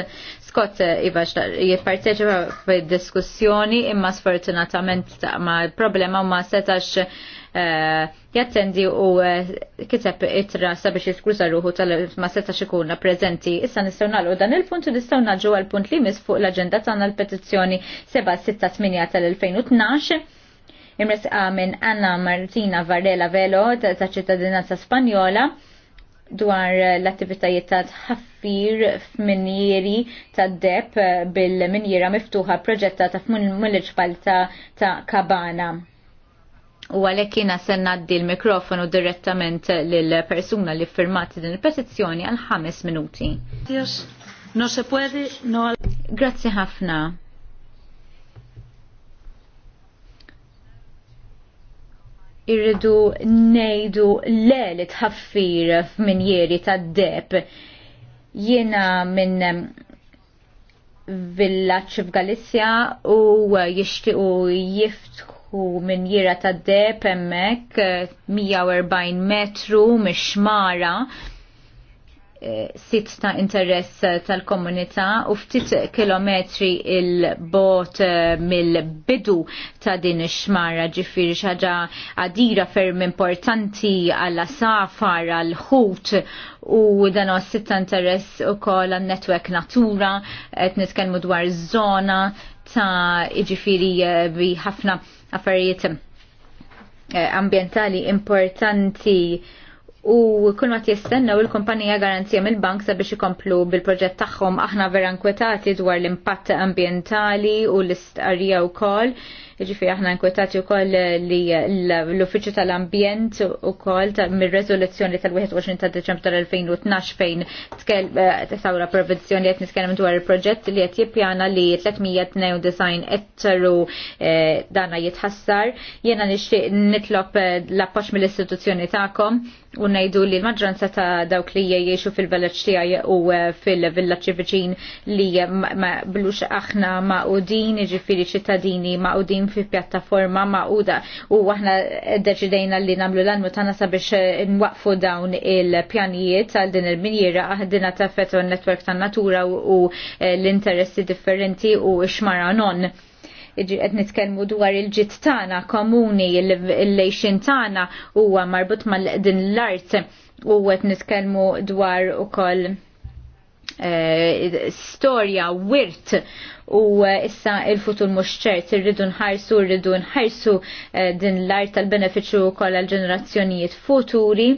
Scott iva jipparteċipa fid-diskussjoni imma sfortunatament ma problema ma setax eh, jattendi u eh, kiteb itra sabiex jiskruza ruħu tal-ma setax ikuna prezenti. Issa nistawnal u dan il-punt u nistaw naġu għal-punt li mis fuq l-aġenda tagħna l-petizzjoni 768 tal-2012 imres minn Anna Martina Varela Velo ta' ċittadinanza Spanjola dwar l-attivitajiet ta' tħaffir f'minjeri ta' deb bil-minjera miftuħa proġetta ta' f'municipalità ta' Kabana. U għalhekk jiena senna ngħaddi l-mikrofonu direttament l persuna li firmati din il-petizzjoni għal ħames minuti. Grazie no Grazzi ħafna. irridu nejdu le li tħaffir jeri tad-deb. Jiena minn villaċ f'Galissja u jishtiqu jiftħu minn jira tad-deb hemmhekk 140 metru mix xmara sit ta' interess tal-komunità u ftit kilometri il-bot eh, mill-bidu ta' din ix-xmara ġifiri xaġa għadira ferm importanti għall safar għall-ħut u dan u sit ta' interess u kol għal-netwek natura, et nitkelmu dwar zona ta' iġifiri eh, bi ħafna affarijiet eh, ambientali importanti u kull ma jistennaw il-kumpanija garanzija mill-bank sabiex ikomplu bil-proġett tagħhom aħna vera nkwetati dwar l-impatt ambientali u l-istqarrija wkoll Ġifiri aħna nkwetati u koll li l-Uffiċċju tal-Ambjent u koll mir-rezoluzzjoni tal-21 ta' Deċembru tal-2012 fejn tesawra eh, prevenzjoni qed nitkellem dwar il-proġett li qed jippjana li design ettaru eh, dana jitħassar. Jiena nixtieq nitlob eh, l-appoġġ mill-istituzzjoni tagħkom u ngħidu li l-maġġoranza ta' dawk li jgħixu fil-villagġ tiegħi u fil-villaġġi viċin li ma blux aħna ma' udin, ġifieri ċittadini ma' udin maqudin fi pjattaforma maquda u aħna deċidejna li namlu l-anmu tana sabiex eh, nwaqfu dawn il-pjanijiet għal din il-minjera għahdina ta' n-netwerk ta' natura u eh, l-interessi differenti u xmara non qed nitkellmu dwar il-ġit tagħna komuni il-lejxin tagħna huwa marbut mal din l-art u qed nitkellmu dwar ukoll Eh, storja wirt u eh, issa il-futur mux ċert irridu nħarsu, irridu nħarsu eh, din l-art tal-beneficju kolla l-ġenerazzjonijiet futuri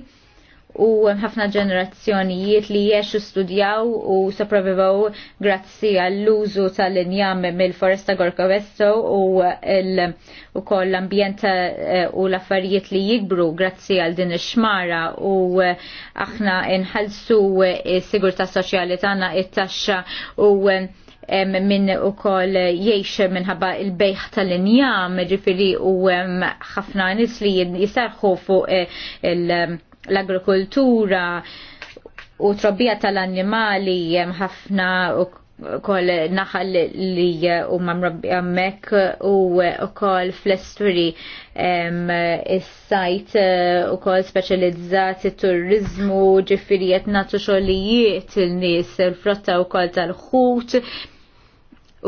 u hemm ħafna ġenerazzjonijiet li jiexu studjaw u sopravivaw grazzi għall-użu tal-injam mill-Foresta Gorkovesto u l-ukoll l-ambjent eh, u l-affarijiet li jikbru grazzi għal din ix-xmara u eh, aħna nħallsu eh, s-sigurtà soċjali tagħna it-taxxa u minn u kol jiex minnħabba il-bejħ tal-injam ġifiri u ħafna nis li jisarħu fuq il- l-agrikoltura u trobbija tal-annimali hemm ħafna kol naħal li u mamrabbi għammek eh, u kol flesturi il-sajt u kol specializzat il-turizmu ġifirijiet natu xolijiet il-nis il-frotta u kol tal-ħut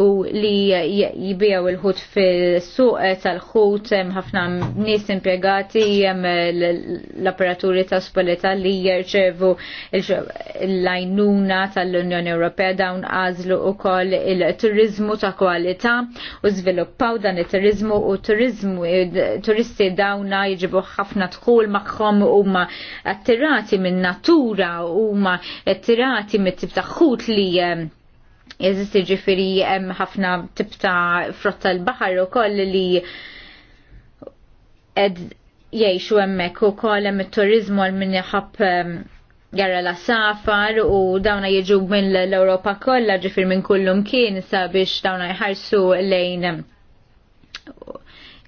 u li jibijaw il-ħut fil-suq eh, tal-ħut ħafna nis impiegati l-apparaturi ta' spoleta li jirċevu l-lajnuna tal-Unjoni Ewropea dawn għazlu u koll il-turizmu ta' kwalità u zviluppaw dan il-turizmu u turizmu eh, turisti dawna jġibu ħafna tħul maħħom u ma attirati minn natura u ma attirati mit-tib taħħut li eh, Jeżisti ġifiri hemm ħafna tibta frotta l-baħar ukoll li ed jgħixu hemmhekk ukoll hemm it turizmu għal min jħab jarra la safar u dawna jiġu minn l europa kollha ġifir minn kullum kien sabiex dawna jħarsu lejn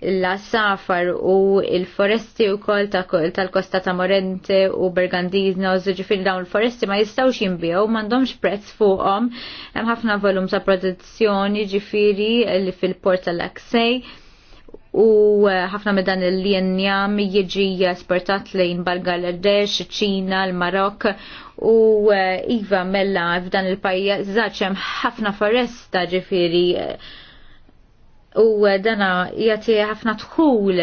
l-safar u il-foresti u kol tal-kosta ta' Morente u Bergandizno, ġifir dawn il-foresti ma jistawx jimbijaw, mandomx prezz fuqom, hemm ħafna volum ta' produzzjoni ġifiri li fil-port tal-Aksej u eh, ħafna me dan il-linjam jiġi esportat lejn Bangladesh, ċina, l-Marok u eh, Iva mella f'dan il-pajja hemm ħafna foresta ġifiri eh, u eh, dana jagħti ħafna dħul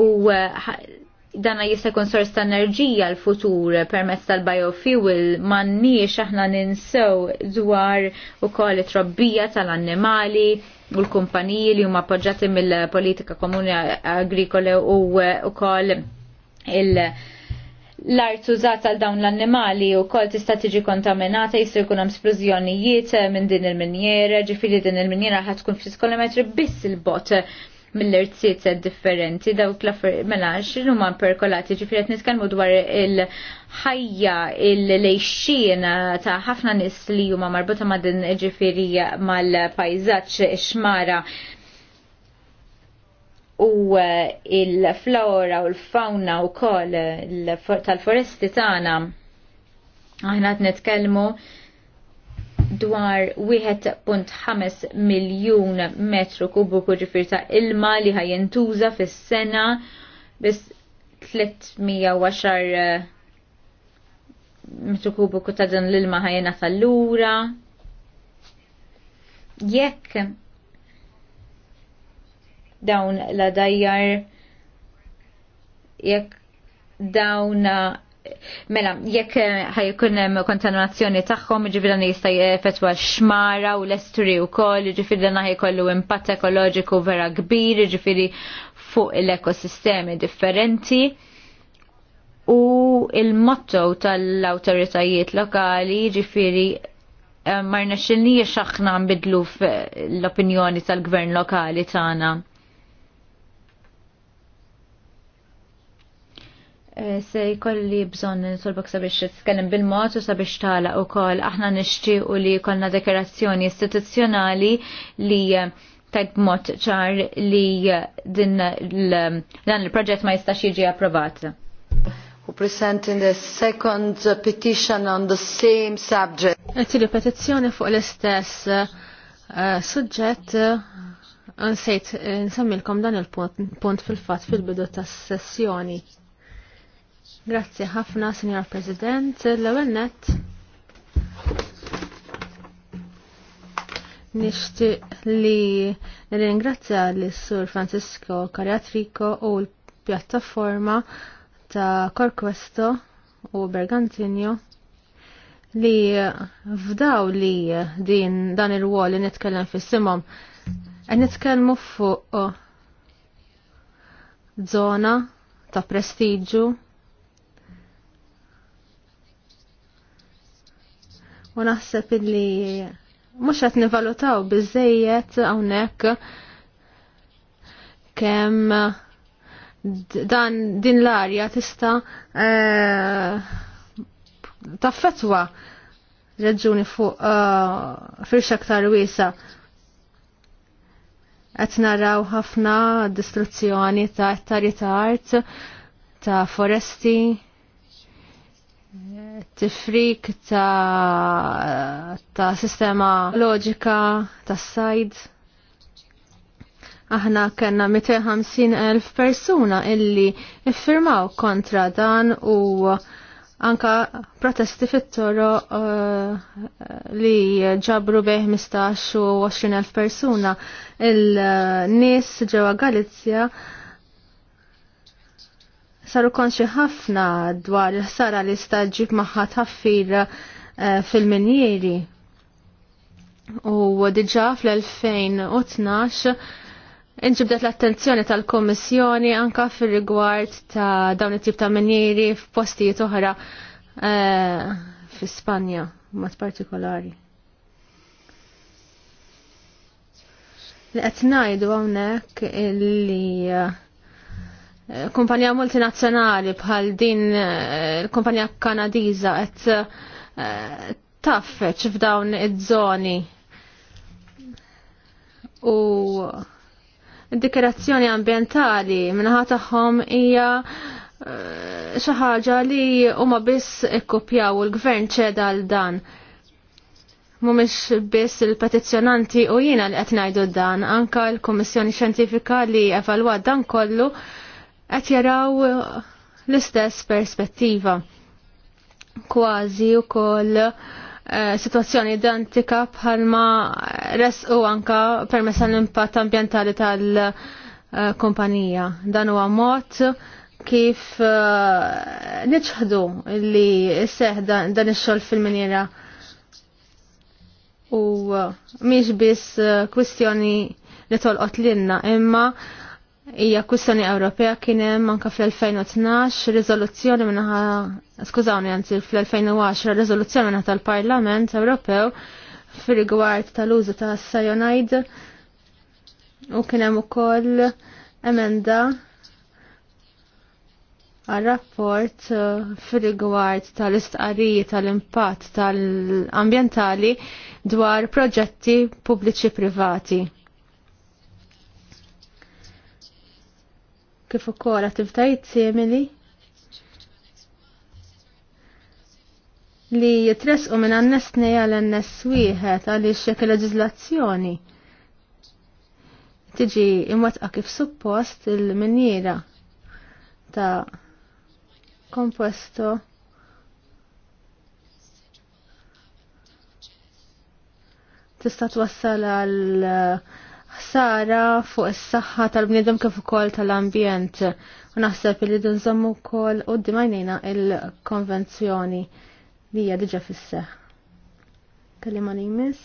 u eh, dana jista' jkun sors ta' enerġija l-futur permezz tal-biofuel m'għandniex aħna ninsew dwar ukoll it-trobbija tal-annimali u l-kumpaniji li huma appoġġjati mill-politika komuni agrikola u wkoll eh, il- l-art użat għal dawn l-annimali u kol tista' tiġi kontaminata jisir kun hemm splużjonijiet eh, minn din il-minjera, ġifieri din il-minjera ħad tkun fis kolometri biss il-bot mill-irtsiet differenti dawk l mela x'inhu ma perkolati ġifieri qed nitkellmu dwar il-ħajja il lejxin ta' ħafna nies li huma marbuta ma' din ġifieri mal-pajżaġġ xmara u eh, il-flora u l-fauna u kol tal-foresti tagħna aħna qed nitkellmu dwar 1.5 miljun metru kubiku kuġifir ta' ilma li ħajjentuża fis-sena bis 310 eh, metru kubiku ta' dan l-ilma ħajjena tal-lura. Jekk dawn la dajjar jekk dawn Mela, jekk eh, ħajkun hemm kontaminazzjoni tagħhom, ġifieri dan jista' jeffettwa xmara u l-esturi wkoll, ġifieri dan ħajkollu impatt ekoloġiku vera kbir, jiġifieri fuq l-ekosistemi differenti. U il-motto tal-awtoritajiet lokali ġifieri eh, marna aħna xaħna nbidlu l-opinjoni tal-gvern lokali tagħna Eh, se jkolli bżon nitolbok sabiex tkellem bil-mod u sabiex tala u kol aħna nixtiequ li kolna dekorazzjoni istituzzjonali li eh, tajt mod ċar li eh, din dan il-proġett ma jistax jiġi approvat. Who present in the second petition on the same subject. Għetili petizzjoni fuq l-istess suġġett nsejt nsemmilkom dan il-punt fil-fat fil-bidu tas-sessjoni. Grazzi ħafna, Signor President. L-ewwel nett nixtieq li nirringrazzja lis sur Francisco Cariatrico u l-pjattaforma ta' Corquesto u Bergantinio li fdaw li din dan ir-wol li nitkellem fis-simhom qed nitkellmu fuq zona ta' prestiġu U naħseb illi mhux qed nivalutaw biżejjed hawnhekk kemm dan din l-arja tista' eh, taffetwa reġuni fuq eh, firxa aktar wiesa' qed naraw ħafna distruzzjoni ta' ettari ta' art, ta' foresti, tifrik ta', ta sistema loġika ta' sajd. Aħna kena 250.000 persuna illi iffirmaw kontra dan u anka protesti fit-toro uh, li ġabru beħ 15 u 20.000 persuna. Il-nis eh, ġewa Galizja saru konxi ħafna dwar sara li staġib maħħa taffir eh, fil-minjeri. U diġa fl-2012 Inġibdet l-attenzjoni tal-Komissjoni anka fir rigward ta' dawn it-tip ta' minjeri f'postijiet oħra eh, fi Spanja, mod partikolari. Li qed ngħidu hawnhekk illi eh, Eh, kumpanija multinazzjonali bħal din l-kumpanija eh, kanadiża qed eh, taffeċ f'dawn iż-żoni u id-dikerazzjoni ambientali minħa tagħhom hija xi ħaġa li huma biss ikkupjaw il-gvern ċeda l dan. Mhumiex biss il-petizzjonanti u jiena li qed ngħidu dan, anka l-Kummissjoni Xjentifika li evalwat dan kollu qed jaraw uh, l-istess perspettiva. Kważi wkoll e, situazzjoni identika bħalma resqu anka permess l-impatt ambjentali tal-kumpanija. Dan huwa mod kif uh, niċħdu li seħ dan, dan ix-xogħol fil-miniera u miex biss kwistjoni li tolqot l imma hija kwistjoni Ewropea kien hemm anke fl-2012 riżoluzzjoni minnaħa skużawni anzi fl-2010 riżoluzzjoni minnaħa tal-Parlament Ewropew fir-rigward tal-użu ta' sajonajd u kien hemm ukoll emenda għal-rapport uh, fir-rigward tal istqarri tal-impatt tal-ambjentali dwar proġetti pubbliċi privati. kif ukoll attivitajiet simili li jitresqu minn għannes għal annes wieħed għaliex jekk leġiżlazzjoni tiġi imwettqa kif suppost il-miniera ta' komposto tista' twassal għal uh, ħsara fuq is-saħħa tal-bniedem kif ukoll tal-ambjent. U naħseb li dinżommu wkoll u dimajnina il-konvenzjoni li hija diġà fis-seħħ. Kelliman jmiss.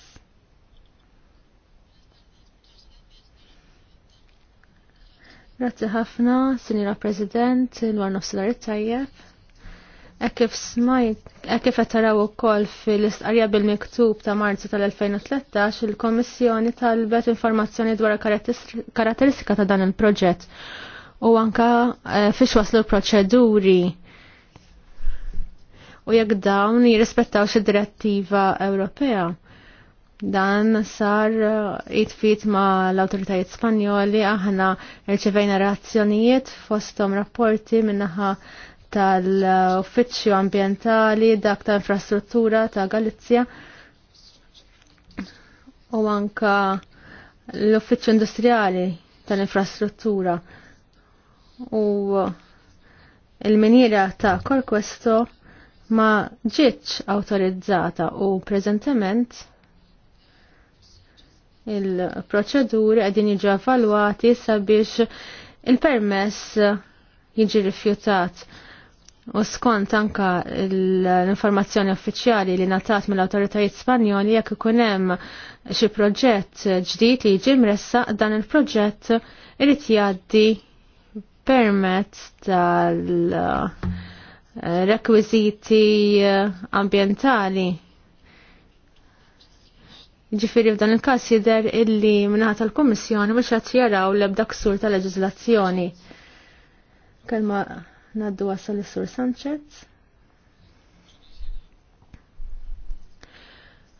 Grazzi ħafna, Sinjora President, l-Warnof Solari Tajjeb. E kif smajt, e kif taraw ukoll fil-istqarja bil-miktub ta' Marzu tal-2013, il-Kommissjoni talbet informazzjoni dwar karatteristika ta' dan il-proġett u anka e, fiex waslu l-proċeduri u jekk dawn jirrispettaw xi direttiva Ewropea. Dan sar jitfit ma l-autoritajiet Spanjoli aħna rċevejna reazzjonijiet fostom rapporti minnaħa tal-Uffiċċju Ambientali dak ta' Infrastruttura ta' Galizja u anka l-Uffiċċju Industrijali tal-Infrastruttura u il-miniera ta' Korkwesto ma ġietx autorizzata u preżentament il-proċeduri għedin jiġu evalwati sabiex il-permess jiġi rifjutat. U skont anka l-informazzjoni uffiċjali li natat mill-autoritajiet Spanjoli jekk ikun hemm xi proġett ġdid li jiġi mressaq dan il-proġett irid jgħaddi permezz tal-rekwiżiti ambjentali. Ġifiri f'dan il-kas jider illi minnaħat tal-Kommissjoni mux għat jaraw l-ebda ksur tal-leġizlazzjoni. Kelma naddu għasal sur Sanchez.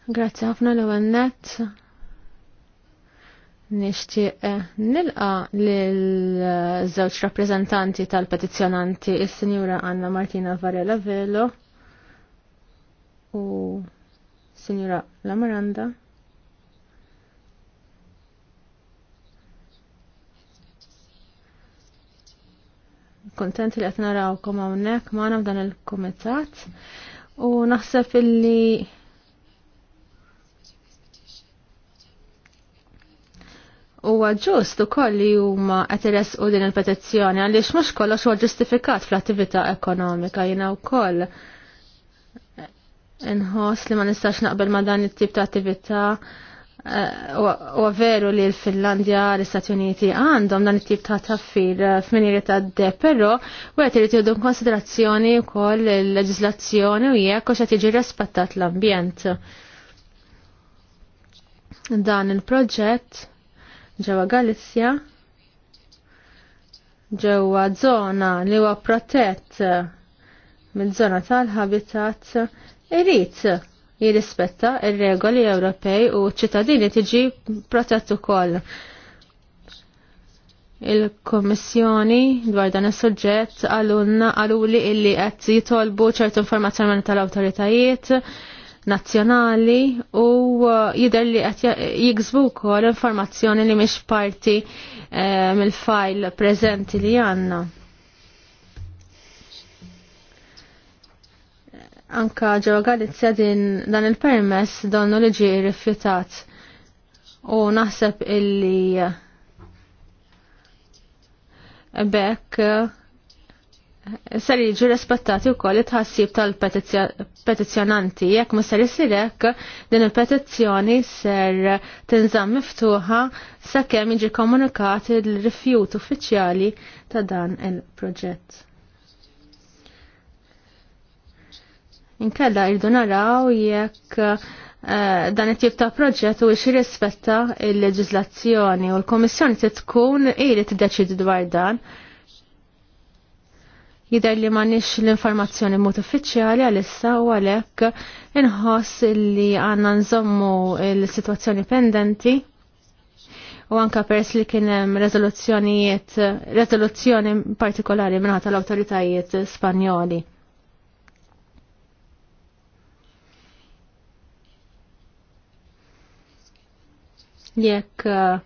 Grazzi ħafna l għannet Nishtiq eh, nilqa l-żewġ eh, rappresentanti tal-petizjonanti il-Sinjura Anna Martina Varela Velo u Sinjura Lamaranda. Miranda. kontent li qed narawkom hawnhekk maħna f'dan il-kumitat u naħseb illi huwa ġust ukoll li huma qed u din il-petizzjoni għaliex mhux kollox huwa ġustifikat fl-attività ekonomika jiena wkoll inħoss li ma nistax naqbel ma dan it-tip ta' attività Eh, u veru li l-Finlandja, l-Istati Uniti għandhom dan it-tip ta' taffir eh, f'miniri ta' de, però u għet irrit jiddu konsiderazzjoni wkoll il-leġislazzjoni u jekk u xat jiġi rispettat l-ambjent. Dan il-proġett ġewwa Galizja ġewwa zona li huwa protett eh, mill-żona tal-habitat irid jirrispetta il-regoli Ewropej u ċittadini tiġi protettu ukoll. Il-Kommissjoni dwar dan is-suġġett għalunna għaluli illi qed jitolbu ċertu informazzjoni tal-awtoritajiet nazzjonali u jider li qed jiksbu wkoll informazzjoni li mhix parti eh, mill-file preżenti li għandna. Anka ġewwa Galizja din dan il-permess donnu li ġie rifjutat u naħseb illi bekk ser jiġu rispettati wkoll it-ħassib tal-petizzjonanti. Jekk ma ser isir hekk din il-petizzjoni ser tinżamm miftuħa sakemm jiġi komunikat il-rifjut uffiċjali ta' dan il-proġett. Inkella irdu naraw jekk eh, dan it-tip ta' proġett u rispetta il-leġizlazzjoni u l-Komissjoni se tkun ili t-deċid dwar dan. Jidher li m'għandniex l-informazzjoni mod uffiċjali għalissa u għalhekk inħoss li għandna nżommu l-sitwazzjoni pendenti u anka pers li kien hemm rezoluzzjoni partikolari mingħata l-awtoritajiet Spanjoli. Jekk eh,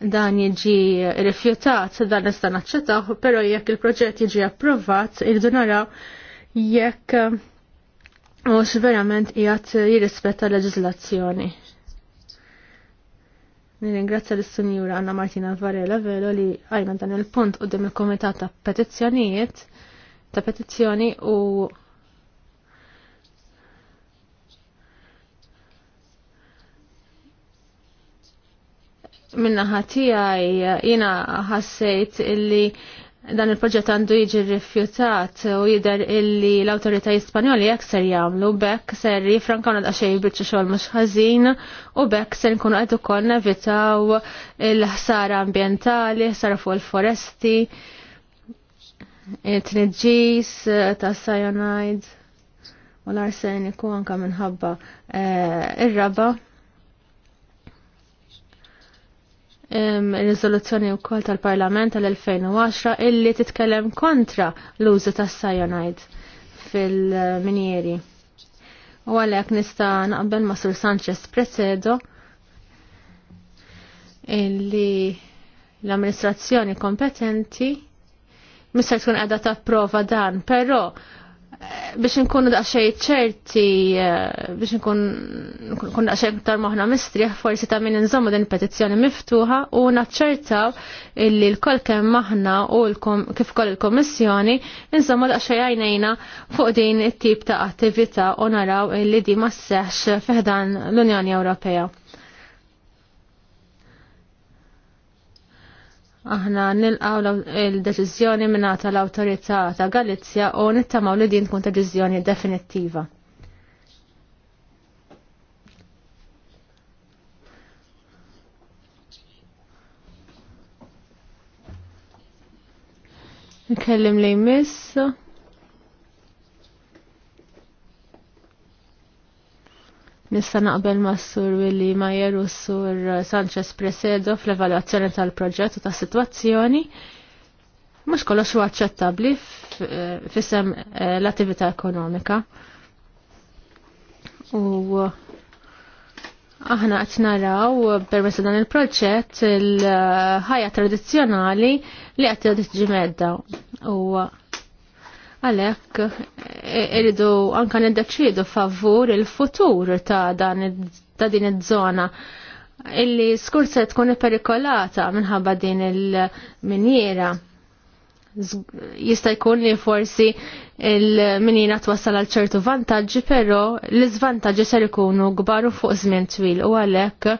dan jiġi rifjutat, dan nista' naċċettaw, però jekk il-proġett jiġi approvat, irridu naraw jekk mhux eh, verament qiegħed jirrispetta l leġislazzjoni Nirringrazzja l-Sunjura Anna Martina Varela Velo li għajna dan il-punt u il-Komitat ta' Petizzjonijiet ta' Petizzjoni u minnaħa tiegħi jiena ħassejt illi dan il-proġett għandu jiġi rifjutat u jidher illi l-awtoritajiet jispanjoli jekk ser jagħmlu bekk ser jifran nadqa xejn bieċu xogħol mhux ħażin u bekk ser nkun qed ukoll nevitaw il-ħsara ambjentali, ħsara fuq il-foresti, it-tniġġis ta' cyanide u l-arseniku anka minħabba eh, ir-raba. riżoluzzjoni wkoll tal-Parlament tal-2010 illi titkellem kontra l-użu tas-cyanide fil-minieri. U għalhekk nista' naqbel ma' Sur Sanchez Presedo illi l-amministrazzjoni kompetenti mista tkun qiegħda tapprova dan, però biex nkunu daqxej ċerti, eh, biex nkun nkun daqxej ktar maħna mistri, forsi ta' minn nżommu din petizzjoni miftuħa u naċċertaw illi l-kol kem maħna u kif kol il-komissjoni nżommu daqxej għajnejna fuq din it-tip ta' attività u naraw illi di ma seħx fiħdan l-Unjoni Ewropea. Aħna nilqaw il-deċiżjoni minnata l-autorità ta' Galizja u nittamaw li din tkun deċiżjoni definittiva. Nkellim li jmiss. Nista naqbel ma' s-sur Willi Majer u s-sur Sanchez Presedo fl-evaluazzjoni tal-proġett u ta' situazzjoni. Mux kollox u għacċettabli fissem eh, l-attività ekonomika. U aħna qed naraw permezz dan il-proġett il-ħajja tradizzjonali li qed tiġi medda. U Għalek, irridu e- anka niddeċidu favur il-futur ta' din id-żona illi skurset tkun perikolata minħabba din il-minjera. Jista' jkun li forsi il-minjera twassal għal ċertu vantaġġi, però l-iżvantaġġi ser ikunu gbaru fuq żmien twil u għalhekk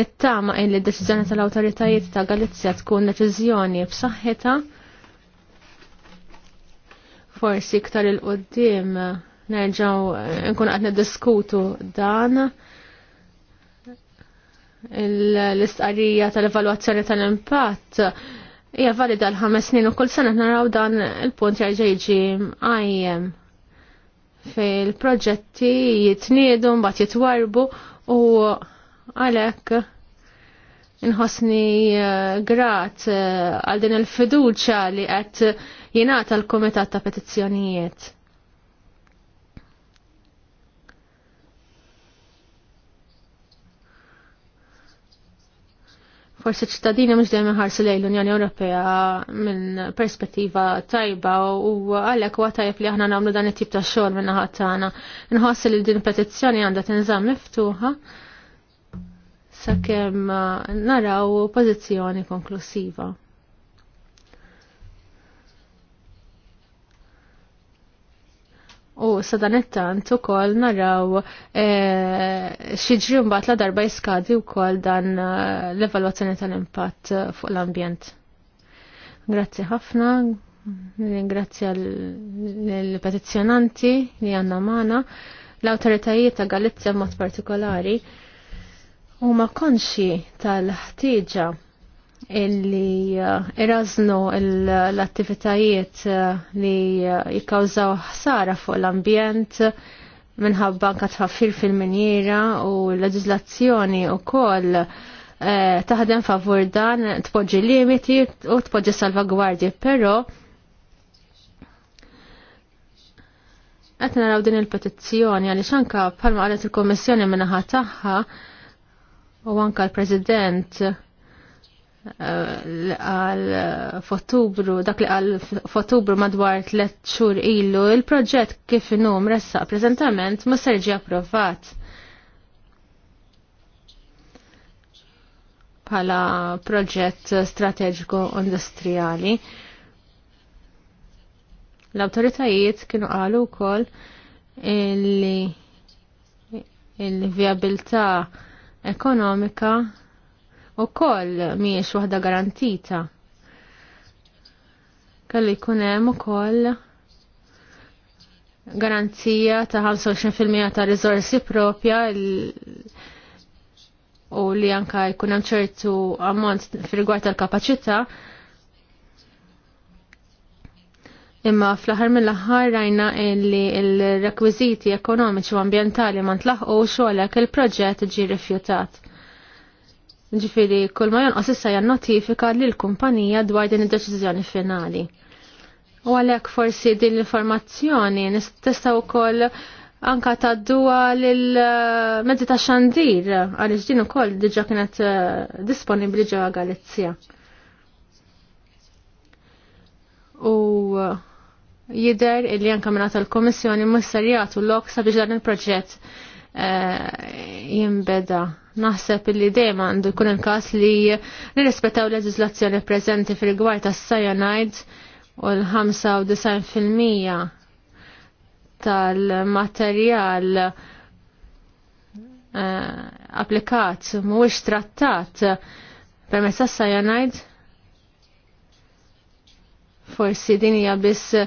nittama illi d-deċiżjoni tal-awtoritajiet ta' Galizja tkun deċiżjoni b'saħħitha Forsi iktar il-qoddim nerġaw nkun qed diskutu dan l-istqarrija tal-evalwazzjoni tal-impatt hija valida l-ħames snin u kull sena naraw dan il-punt jerġa' jiġi għajjem il proġetti jitniedu mbagħad jitwarbu u għalhekk inħossni eh, grat eh, għal din il-fiduċa li qed jingħata l-Kumitat ta' Petizzjonijiet. forse ċittadini mhux dejjem iħarsu lejn l-Unjoni Ewropea minn perspettiva tajba u għalhekk huwa tajjeb li aħna nagħmlu dan it-tip ta' xogħol minn naħa tagħna. Inħossi li din petizzjoni għandha tinżamm miftuħa sakemm naraw pożizzjoni konklusiva. U sadanettant u kol naraw e, xieġri mbaħt la darba jiskadi u kol dan e, l-evalwazzjoni tal-impatt fuq l-ambjent. Grazzi ħafna, ringrazzja l-petizzjonanti li għanna mana, l-autoritajiet ta' Galizja mod partikolari u ma konxi tal-ħtieġa illi uh, irraznu l-attivitajiet uh, li uh, jikkawżaw ħsara fuq l-ambjent minħabba anka tħaffir fil-minjera u l-leġizlazzjoni u koll taħdem favur dan tpoġġi limiti u tpoġġi salvagwardji, però qed naraw din il-petizzjoni għaliex xanka bħalma qalet il-Kummissjoni minaħa tagħha u anka l-President għal fottubru, dak li għal fottubru madwar tlet xhur ilu, il-proġett kif num ressa prezentament ma serġi approvat. Pala proġett strateġiku industrijali. L-autoritajiet kienu għalu kol il-viabilta il ekonomika u koll miex wahda garantita. Kalli kunem u koll garanzija ta' 25% ta' rizorsi propja u li anka jkun hemm ċertu ammont fil-rigward tal-kapaċità. Imma fl-aħħar mill-aħħar rajna li l-rekwiżiti ekonomiċi u ambjentali ma ntlaħqux u għalhekk il-proġett ġie rifjutat. Ġifiri, kull ma jonqos issa notifika li l-kumpanija dwar din id-deċiżjoni finali. U għalhekk forsi din l-informazzjoni tista' wkoll anka tadduha lil eh, mezzi ta' xandir għaliex din ukoll diġà kienet eh, disponibbli ġewwa Galizja. U eh, jider illi anka minn tal-Komissjoni misser jagħtu l-ok sabiex dan il-proġett jimbeda. Naħseb li dejjem għandu jkun hemm każ li nirrispettaw leġiżlazzjoni preżenti fil-gwar tas-cyanide u l-95% tal-materjal eh, applikat mhuwiex trattat permezz tas-cyanide forsi din hija biss eh,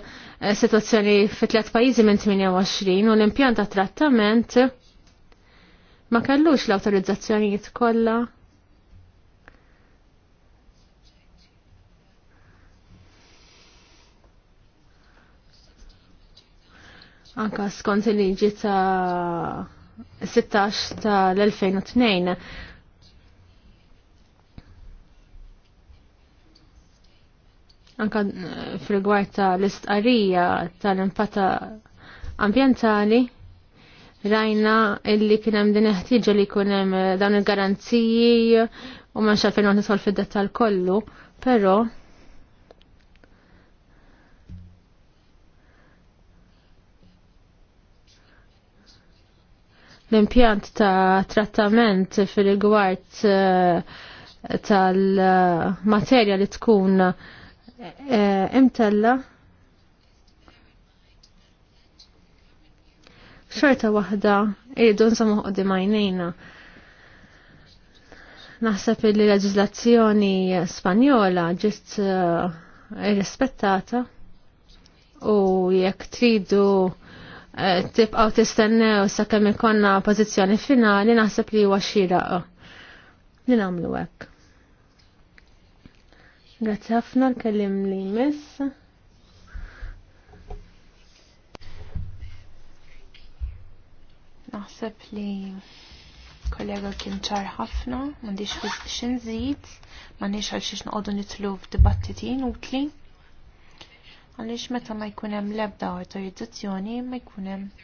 situazzjoni fi tliet pajjiżi minn 28 u l-impjant ta' trattament ma kellux l-autorizzazzjonijiet kollha. Anka skont il-liġi ta' 16 ta' l-2002 anka eh, fil-gwar ta' l-istqarija tal-impata ambientali rajna illi kien hemm din eħtieġa li jkun hemm eh, dawn il-garanziji u ma nxaf fejn nisol fid-dettal kollu, però l-impjant ta' trattament fil-gwart eh, tal-materja eh, li tkun imtella xorta waħda irridu nsamu ħoddi majnejna. Naħseb li leġizlazzjoni Spanjola ġist eh, irrispettata u jekk tridu eh, tibqaw tistennew sakemm ikonna pożizzjoni finali naħseb li huwa xieraq li nagħmlu hekk. Grazzi ħafna l-kellim li jmiss. Naħseb li kollega kien ċar ħafna, m'għandix wisq xinżid, m'għandix għal xiex noqogħdu nitlu f'dibattiti inutli. Għaliex meta ma jkun hemm l-ebda autorizzazzjoni ma jkun hemm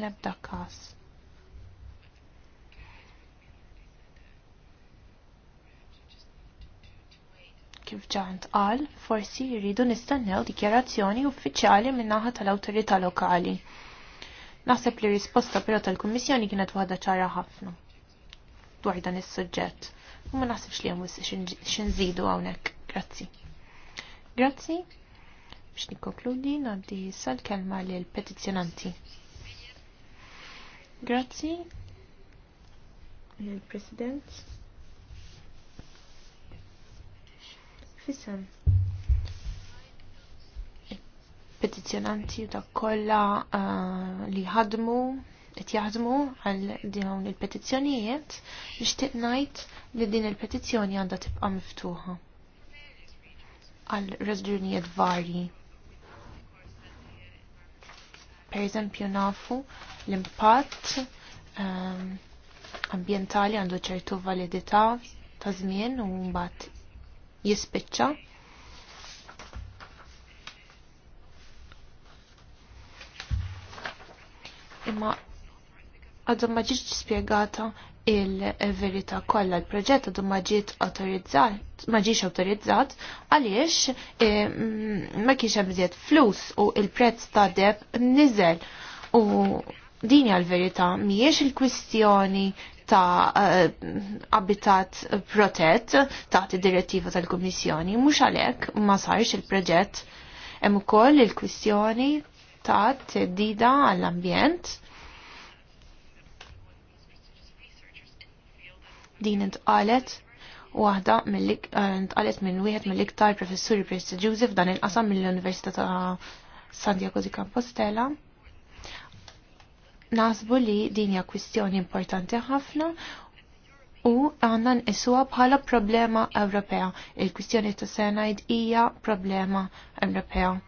l-ebda każ. kif ġant qal, forsi jridu nistennew dikjarazzjoni uffiċjali min-naħa tal-awtorità lokali. Naħseb li risposta però tal-Kummissjoni kienet waħda ċara ħafna dwar dan is-suġġett. U ma naħsibx li hemm xinżidu hawnhekk. Grazzi. Grazzi. Biex nikkonkludi ngħaddi sal-kelma lil petizzjonanti. Grazzi. Il-President. Fissam petizjonanti ta' dak kollha uh, li ħadmu qed jaħdmu għal dawn il-petizzjonijiet nixtieq ngħid li din il-petizzjoni għandha tibqa' miftuħa għal raġunijiet varji. Per eżempju nafu l-impatt um, ehm, ambjentali għandu ċertu validità ta' żmien u mbagħad jispiċċa imma għadhom ma ġietx spjegata il-verità kollha l-proġett għadu ma ġiet autorizzat, ma ġiex autorizzat għaliex eh, mm, ma kienx hemm flus u il-prezz ta' deb niżel u din hija l-verità mhijiex il-kwistjoni ta' eh, abitat protett taħt id-direttiva tal-Kummissjoni mhux għalhekk ma sarx il-proġett hemm ukoll il-kwistjoni Tat teddida għall-ambjent. Din intqalet waħda eh, intqalet minn wieħed mill-iktar professuri prestiġjużi f'dan il-qasam mill-Università ta' Santiago di Compostela. Nasbu li din hija kwistjoni importanti ħafna u għandna nqisuha bħala problema Ewropea. Il-kwistjoni ta' senajd hija problema Ewropea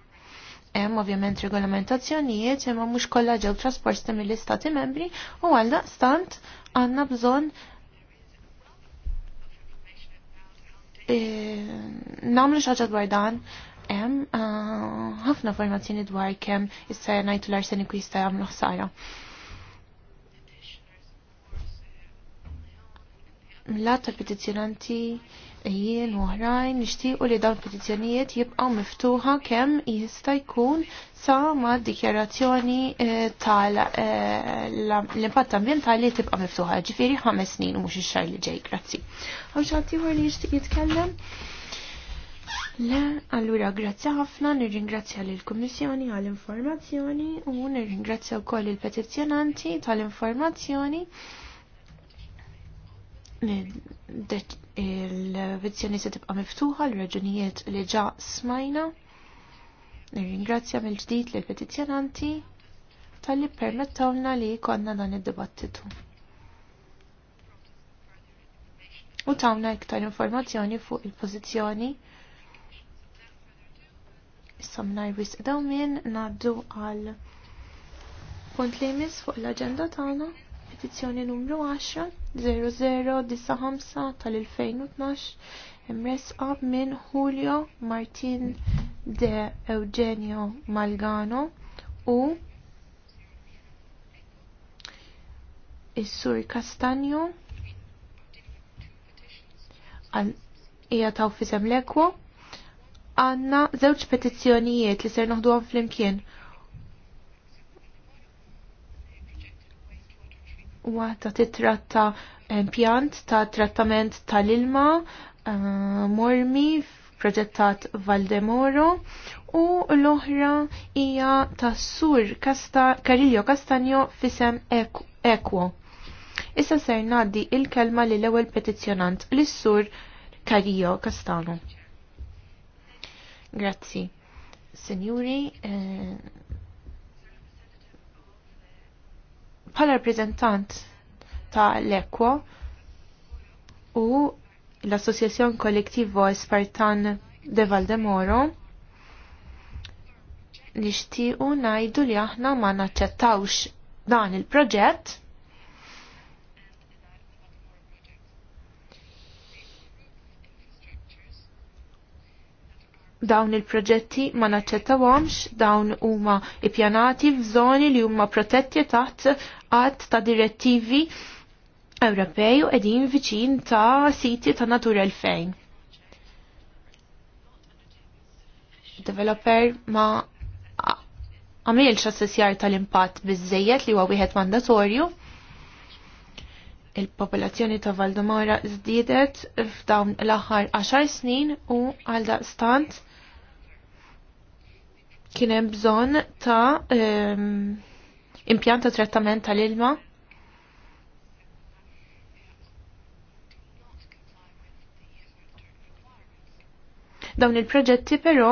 Hemm ovvjament regolamentazzjonijiet imma mhux kollha ġew trasposti mill-Istati membri u għal daqstant għandna bżonn eh, nagħmlu xi ħaġa dwar dan hemm ah, ħafna informazzjoni formazzjoni dwar kemm issa ngħidu l-arseniku jista' jagħmlu ħsara. l tal-petizzjonanti jien u oħrajn nixtiequ li dawn petizzjonijiet jibqgħu miftuħa kemm jista' jkun sa ma dikjarazzjoni eh, tal-impatt eh, ambjentali tibqa' miftuħa, ġifieri ħames snin u mhux ix-xahar li ġej, grazzi. Hawn xi ieħor li jixtieq jitkellem? Le, allura grazzi ħafna, nirringrazzja lill kummissjoni għall-informazzjoni u nirringrazzja wkoll il-petizzjonanti tal-informazzjoni. tal informazzjoni il vizjoni se tibqa' miftuħa l-raġunijiet li ġa smajna. Nirringrazzja mill-ġdid lill petizzjonanti tal-li permettawna li konna dan id-dibattitu. U tawna iktar informazzjoni fuq il-pożizzjoni samna jwis id-dawmin naddu għal punt li jmiss fuq l-agenda tagħna petizzjoni numru 10 0095 tal-2012 imresqa minn Julio Martin de Eugenio Malgano u is-Sur Castagno hija taw fisem l għanna zewċ petizzjonijiet li ser naħduhom fl-imkien. huwa ta' titratta impjant ta' trattament tal-ilma eh, mormi proġettat Valdemoro u l-oħra hija tas sur Kasta, Carillo Castagno fisem equo. Issa ser naddi il-kelma li l-ewwel petizzjonant l-sur Carillo Castano. Grazzi. Signori, eh, bħala reprezentant ta' l u l-Associazzjon Kollettivo Espartan de Valdemoro nixtiequ ngħidu li aħna ma naċċettawx dan il-proġett dawn il-proġetti ma naċċettawhomx dawn huma ippjanati f'żoni li huma protetti taħt qatt ta' direttivi Ewropej u qegħdin viċin ta' siti ta' natura l-fejn. Developer ma għamilx assessjar tal-impatt biżejjed li huwa wieħed mandatorju il-popolazzjoni ta' Valdomara żdiedet f'dawn l-aħħar 10 snin u għal daqstant Kien hemm bżonn ta' ehm, impjant ta' trattament tal-ilma dawn il-proġetti però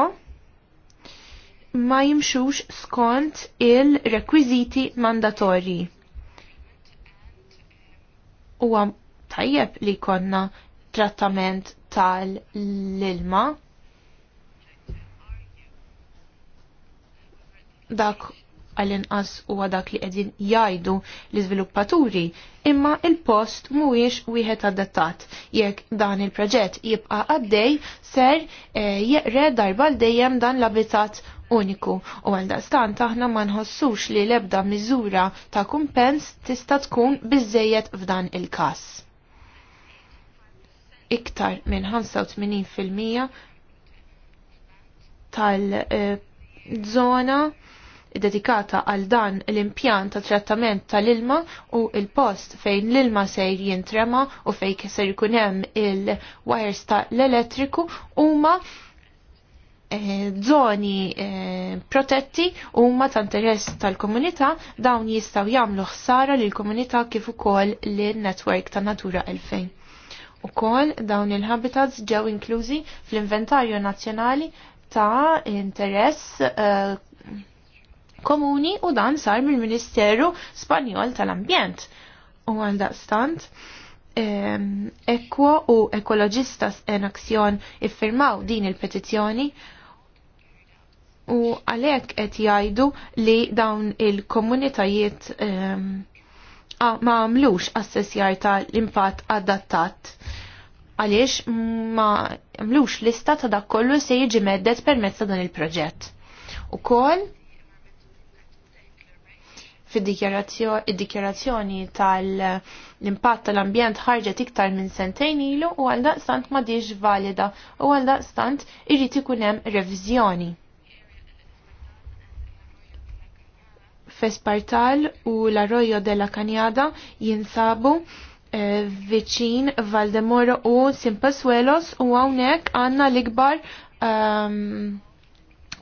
ma jimxux skont il-rekwiziti mandatorji. Huwa tajjeb li konna trattament tal-ilma dak għal inqas huwa dak li qegħdin jgħidu l-iżviluppaturi, imma il-post mhuwiex wieħed adattat. Jekk dan il-proġett jibqa' għaddej ser eh, jeqre darba l dejjem dan l-abitat uniku u għaldastant aħna ma nħossux li lebda miżura ta' kumpens tista' tkun biżejjed f'dan il-każ. Iktar minn 85% tal-żona eh, dedikata għal dan l-impjant ta' trattament tal-ilma u il-post fejn l-ilma sejr jintrema u fejn ser jkun hemm il-wires ta' l-elettriku huma eh, zoni eh, protetti u huma ta' interess tal-komunità dawn jistgħu jagħmlu ħsara lil komunità kif ukoll lin-netwerk ta' Natura 2000. Ukoll dawn il-habitats ġew inklużi fl-inventarju nazzjonali ta' interess eh, komuni u dan sar mill-Ministeru Spanjol tal-Ambjent. U għaldaqstant, Ekwa u Ekologistas en Aksjon iffirmaw din il-petizzjoni u għalek qed jgħidu li dawn il-komunitajiet ma għamlux assessjar tal-impatt adattat għaliex ma għamlux lista ta' dak kollu se jiġi meddet permezz dan il-proġett. U koll fid-dikjarazzjoni tal-impatt tal-ambjent ħarġet iktar minn sentejn ilu u għal daqstant ma diġ valida u għal daqstant irrit ikun hemm reviżjoni. Fespartal u l-Arroyo della Kanjada jinsabu eh, viċin Valdemoro u Simpasuelos u għawnek għanna l-ikbar um,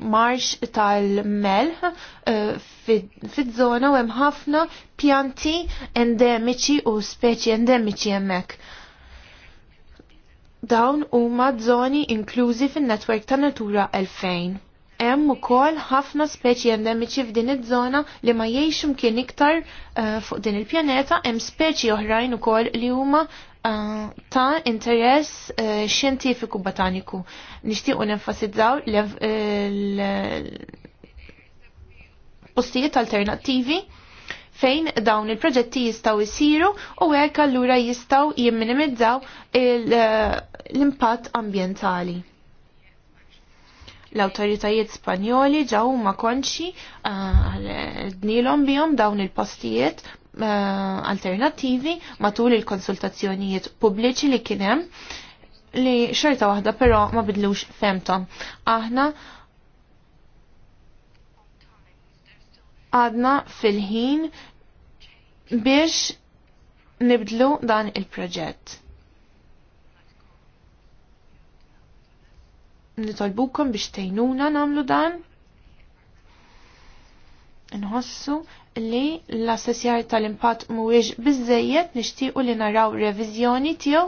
marx tal-melħ eh, fit żona u hemm ħafna pjanti endemiċi u speċi endemiċi hemmhekk. Dawn huma żoni inklużi fin-netwerk ta' Natura 2000 hemm ukoll ħafna speċi endemiċi f'din iż-żona li ma jgħix mkien iktar uh, fuq din il-pjaneta, hemm speċi oħrajn ukoll li huma uh, ta' interess uh, xjentifiku botaniku. Nixtiequ nenfasizzaw l-postijiet alternattivi fejn dawn il-proġetti jistgħu jisiru u hekk allura jistgħu jimminimizzaw l-impatt ambientali. L-autoritajiet Spanjoli ġaw ma konxi eh, dnilom bihom dawn il-postijiet eh, alternativi matul il-konsultazzjonijiet pubbliċi li kienem li xorta waħda però ma bidlux femtom. Aħna għadna fil-ħin biex nibdlu dan il-proġett. nitolbukom biex tejnuna namlu dan. Nħossu li l-assessjar tal-impatt mhuwiex bizzejiet nixtiequ li naraw reviżjoni tiegħu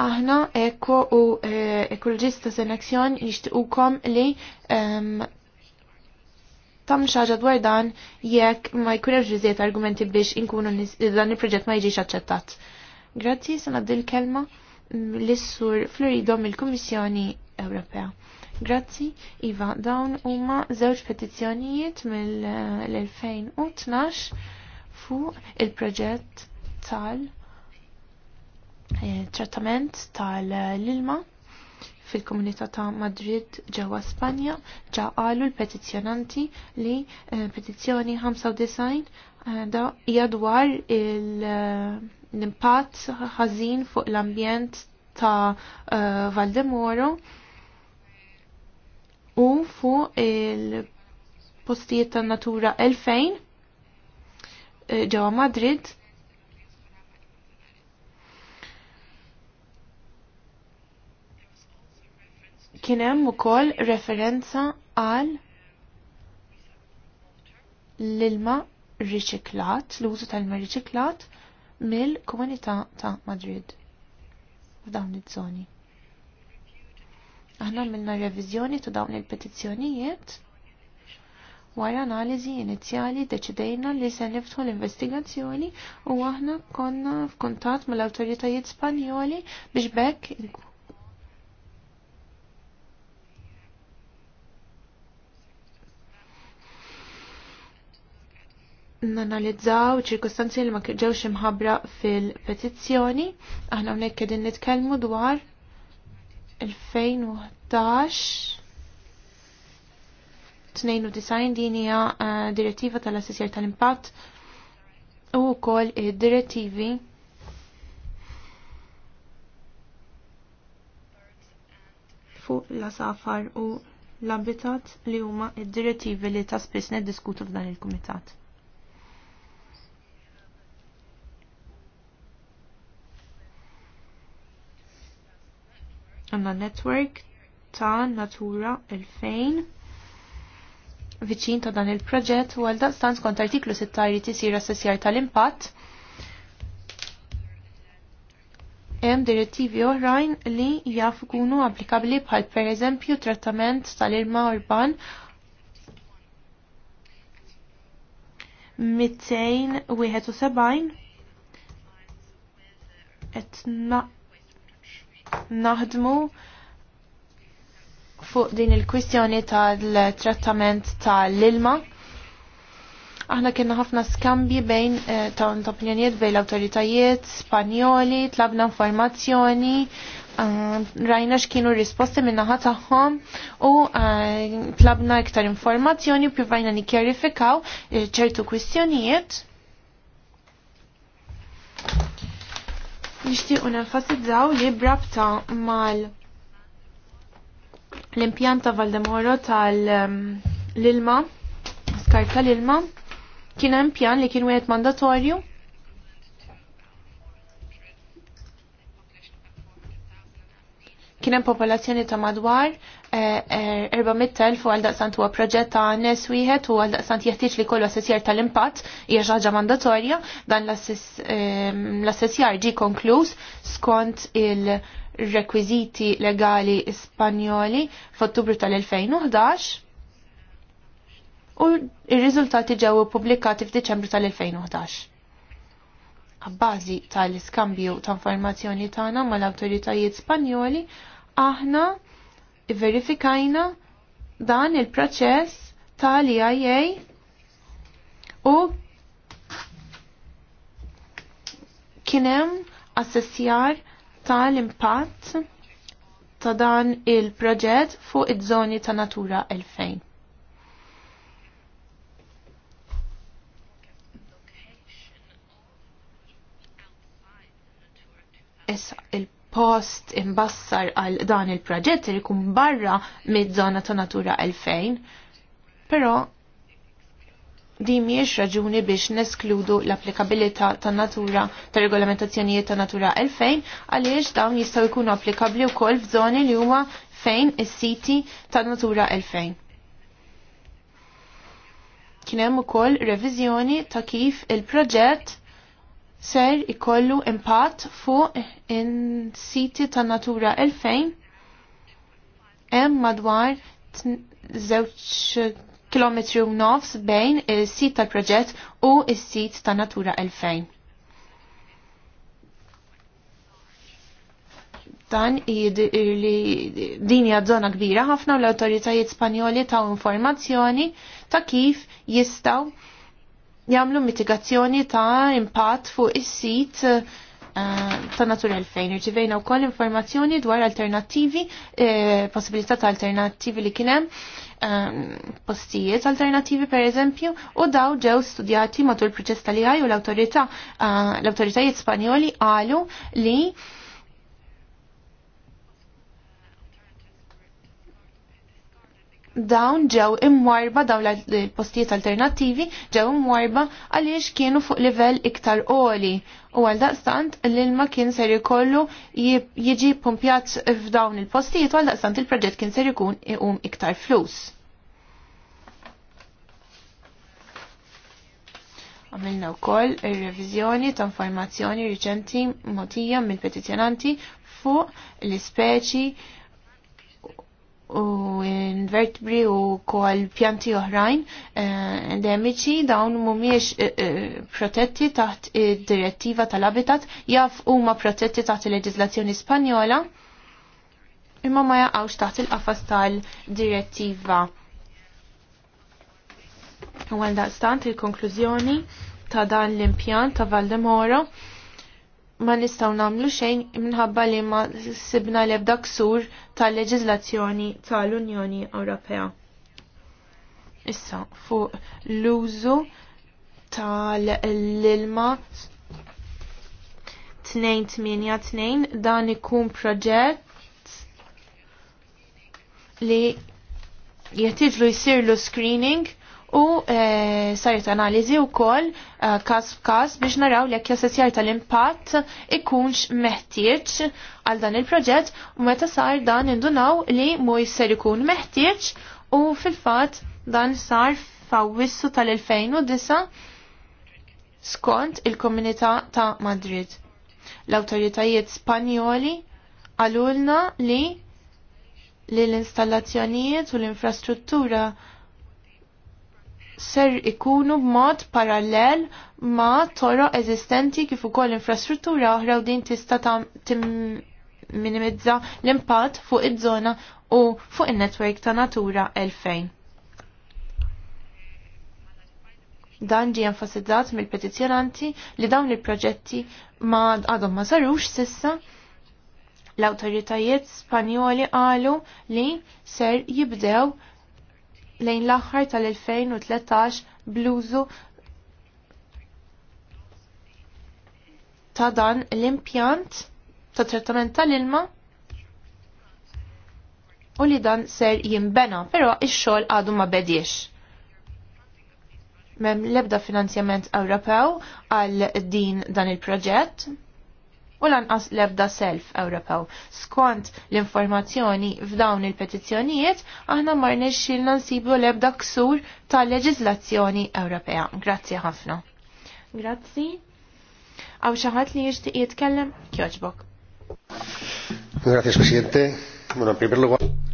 Aħna eko u e, ekologista selezzjon nixtiqukom li tam xaġa dwar dan jekk ma jkunx riżiet argumenti biex inkunu dan il-proġett ma jiġix aċċettat. Grazzi, sanaddi l-kelma l-issur Floridom il-Kommissjoni Ewropea. Grazzi, Iva, dawn huma żewġ petizzjonijiet mill-2012 fuq il-proġett tal eh, trattament tal-ilma fil-komunità ta' Madrid ġewwa Spanja ġa qalu l-petizzjonanti li eh, petizzjoni 95 eh, da hija dwar il- l-impatt ħażin fuq l-ambjent ta' uh, Valdemoro u fuq il-postijiet ta' natura 2000 eh, ġewwa Madrid kien hemm ukoll referenza għal l-ilma riċiklat, l-użu tal-ilma riċiklat mill-komunità ta' Madrid f'dawn iż-żoni. Aħna għamilna reviżjoni ta' dawn il-petizzjonijiet wara analiżi inizjali deċidejna li se niftħu l-investigazzjoni u aħna konna f'kuntatt mal-awtoritajiet Spanjoli biex bekk nanalizzaw ċirkostanzi li ma ġewx imħabbra fil-petizzjoni. Aħna unnek qegħdin nitkellmu dwar 2011 92 din hija eh, direttiva tal-assessjar tal-impatt u wkoll id-direttivi fuq l-asafar u l-abitat li huma id-direttivi li ta' spiss niddiskutu f'dan il-kumitat. Għanna network ta' Natura 2000 viċin ta' dan il-proġett u għalda daqstant kont artiklu 6 jrid isir assessjar tal-impatt. Hemm direttivi oħrajn li jaf ikunu applikabbli bħal pereżempju trattament tal irma urban 271 qed naħdmu fuq din il-kwistjoni tal-trattament tal-ilma. Aħna kienna ħafna skambji bejn eh, ta' opinjonijiet bejn l-autoritajiet spanjoli, tlabna informazzjoni, eh, rajna x'kienu risposti minnaħa tagħhom u eh, tlabna iktar informazzjoni u pjuvajna nikkjarifikaw ċertu kwistjonijiet. nixtiequ nenfasizzaw li brabta mal l-impjanta Valdemoro um, tal-ilma, skart l ilma kien impjan li kien wieħed mandatorju Kien hemm popolazzjoni ta' madwar 400,000 eh, eh, u għal daqsant huwa proġett ta' nes wieħed u għal daqsant jeħtieġ li kollu assessjar tal-impatt hija xi ħaġa mandatorja dan ehm, l-assessjar ġi konkluż skont il-rekwiżiti legali Spanjoli f'Ottubru tal-2011 u r-riżultati ġew pubblikati f'Diċembru tal-2011 għabbażi tal-iskambju ta' informazzjoni tagħna mal-awtoritajiet Spanjoli aħna verifikajna dan il-proċess tal iia u kienem assessjar tal-impatt ta' dan il-proġett fuq id żoni ta' Natura 2000. Issa il post imbassar għal dan il-proġett li jkun barra mid-żona ta' Natura 2000. Però di miex raġuni biex neskludu l-applikabilità ta' natura ta' regolamentazzjonijiet ta' natura 2000 għaliex dawn jistgħu jkunu applikabli wkoll f'żoni li huma fejn is-siti ta' natura 2000. Kien hemm ukoll reviżjoni ta' kif il-proġett ser ikollu impatt fuq in-siti ta' natura 2000 hemm madwar żewġ km u nofs bejn il-sit tal-proġett u il-sit ta' Natura 2000. Dan li din hija żona kbira ħafna u l-awtoritajiet Spanjoli ta' informazzjoni ta' kif jistgħu jagħmlu mitigazzjoni ta' impatt fuq is-sit eh, ta' natura 2000. Irċivejna wkoll informazzjoni dwar alternattivi, eh, possibilità ta' alternattivi li kien hemm, ehm, postijiet alternattivi per eżempju, u daw ġew studjati matul proċess tal u l autorita eh, l-awtoritajiet Spanjoli għalu li dawn ġew imwarba dawn l-postijiet alternattivi ġew imwarba għaliex kienu fuq livell iktar qoli u għal daqstant l-ilma kien ser ikollu jiġi pumpjat f'dawn il-postijiet u għal daqstant il-proġett kien ser ikun iqum iktar flus. Għamilna u koll il-revizjoni ta' informazzjoni riċenti motija mill-petizjonanti fuq l-speċi u invertebri u kol pjanti oħrajn eh, endemiċi dawn mumiex eh, eh, protetti taħt id-direttiva tal-habitat jaf huma protetti taħt il-leġislazzjoni Spanjola imma ma jaqgħux taħt il-qafas tal-direttiva. U għal daqstant il-konklużjoni ta' dan l-impjant ta' Valdemoro ma nistaw namlu xejn minħabba li ma sibna lebda ksur tal-leġizlazzjoni tal-Unjoni Ewropea. Issa, fuq l-użu tal-ilma 282 dan ikun proġett li jetiġlu jisirlu screening u sarit eh, saret analizi u kol eh, kas kas biex naraw li jekk jassessjar tal-impatt ikunx meħtieġ għal dan il-proġett u meta sar dan indunaw li mu jisser ikun meħtieġ u fil-fat dan sar fawissu tal-2009 skont il-komunità ta' Madrid. L-autoritajiet Spanjoli għalulna li li l-installazzjonijiet u l-infrastruttura ser ikunu b'mod parallel ma' toro eżistenti kif ukoll infrastruttura oħra u din tista' minimizza l-impatt fuq iż-żona u fuq in-netwerk ta' Natura 2000. Dan ġie enfasizzat mill-petizzjonanti li dawn il-proġetti ma għadhom ma sarux sissa l-autoritajiet Spanjoli qalu li ser jibdew lejn l-aħħar tal-2013 bluzu ta' dan l-impjant ta' trattament tal-ilma u li dan ser jimbena, pero ix-xogħol għadu ma bediex. Mem lebda finanzjament Ewropew għal din dan il-proġett u lanqas lebda self Ewropew. Skont l-informazzjoni f'dawn il-petizzjonijiet, aħna marni xilna nsibu lebda ksur tal leġizlazzjoni Ewropea. Grazzi ħafna. Grazzi. Għaw xaħat li jishtiq jitkellem kjoġbok. Grazie, Presidente. Muna primer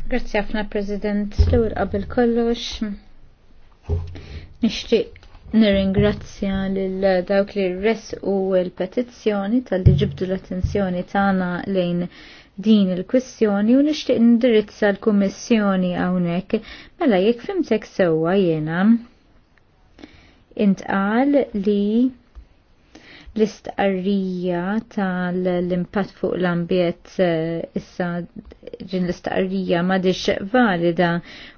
ħafna, President. L-ur qabel kollox. Nixtieq Nirringrazzja lil dawk li res u l-petizzjoni tal-li ġibdu l-attenzjoni tagħna lejn din il-kwistjoni u nixtieq indirizza l-Kummissjoni hawnhekk mela jekk fimtek sewwa jiena intqal li l-istqarrija tal-impatt fuq l-ambjent eh, issa ġin l-istqarrija madix valida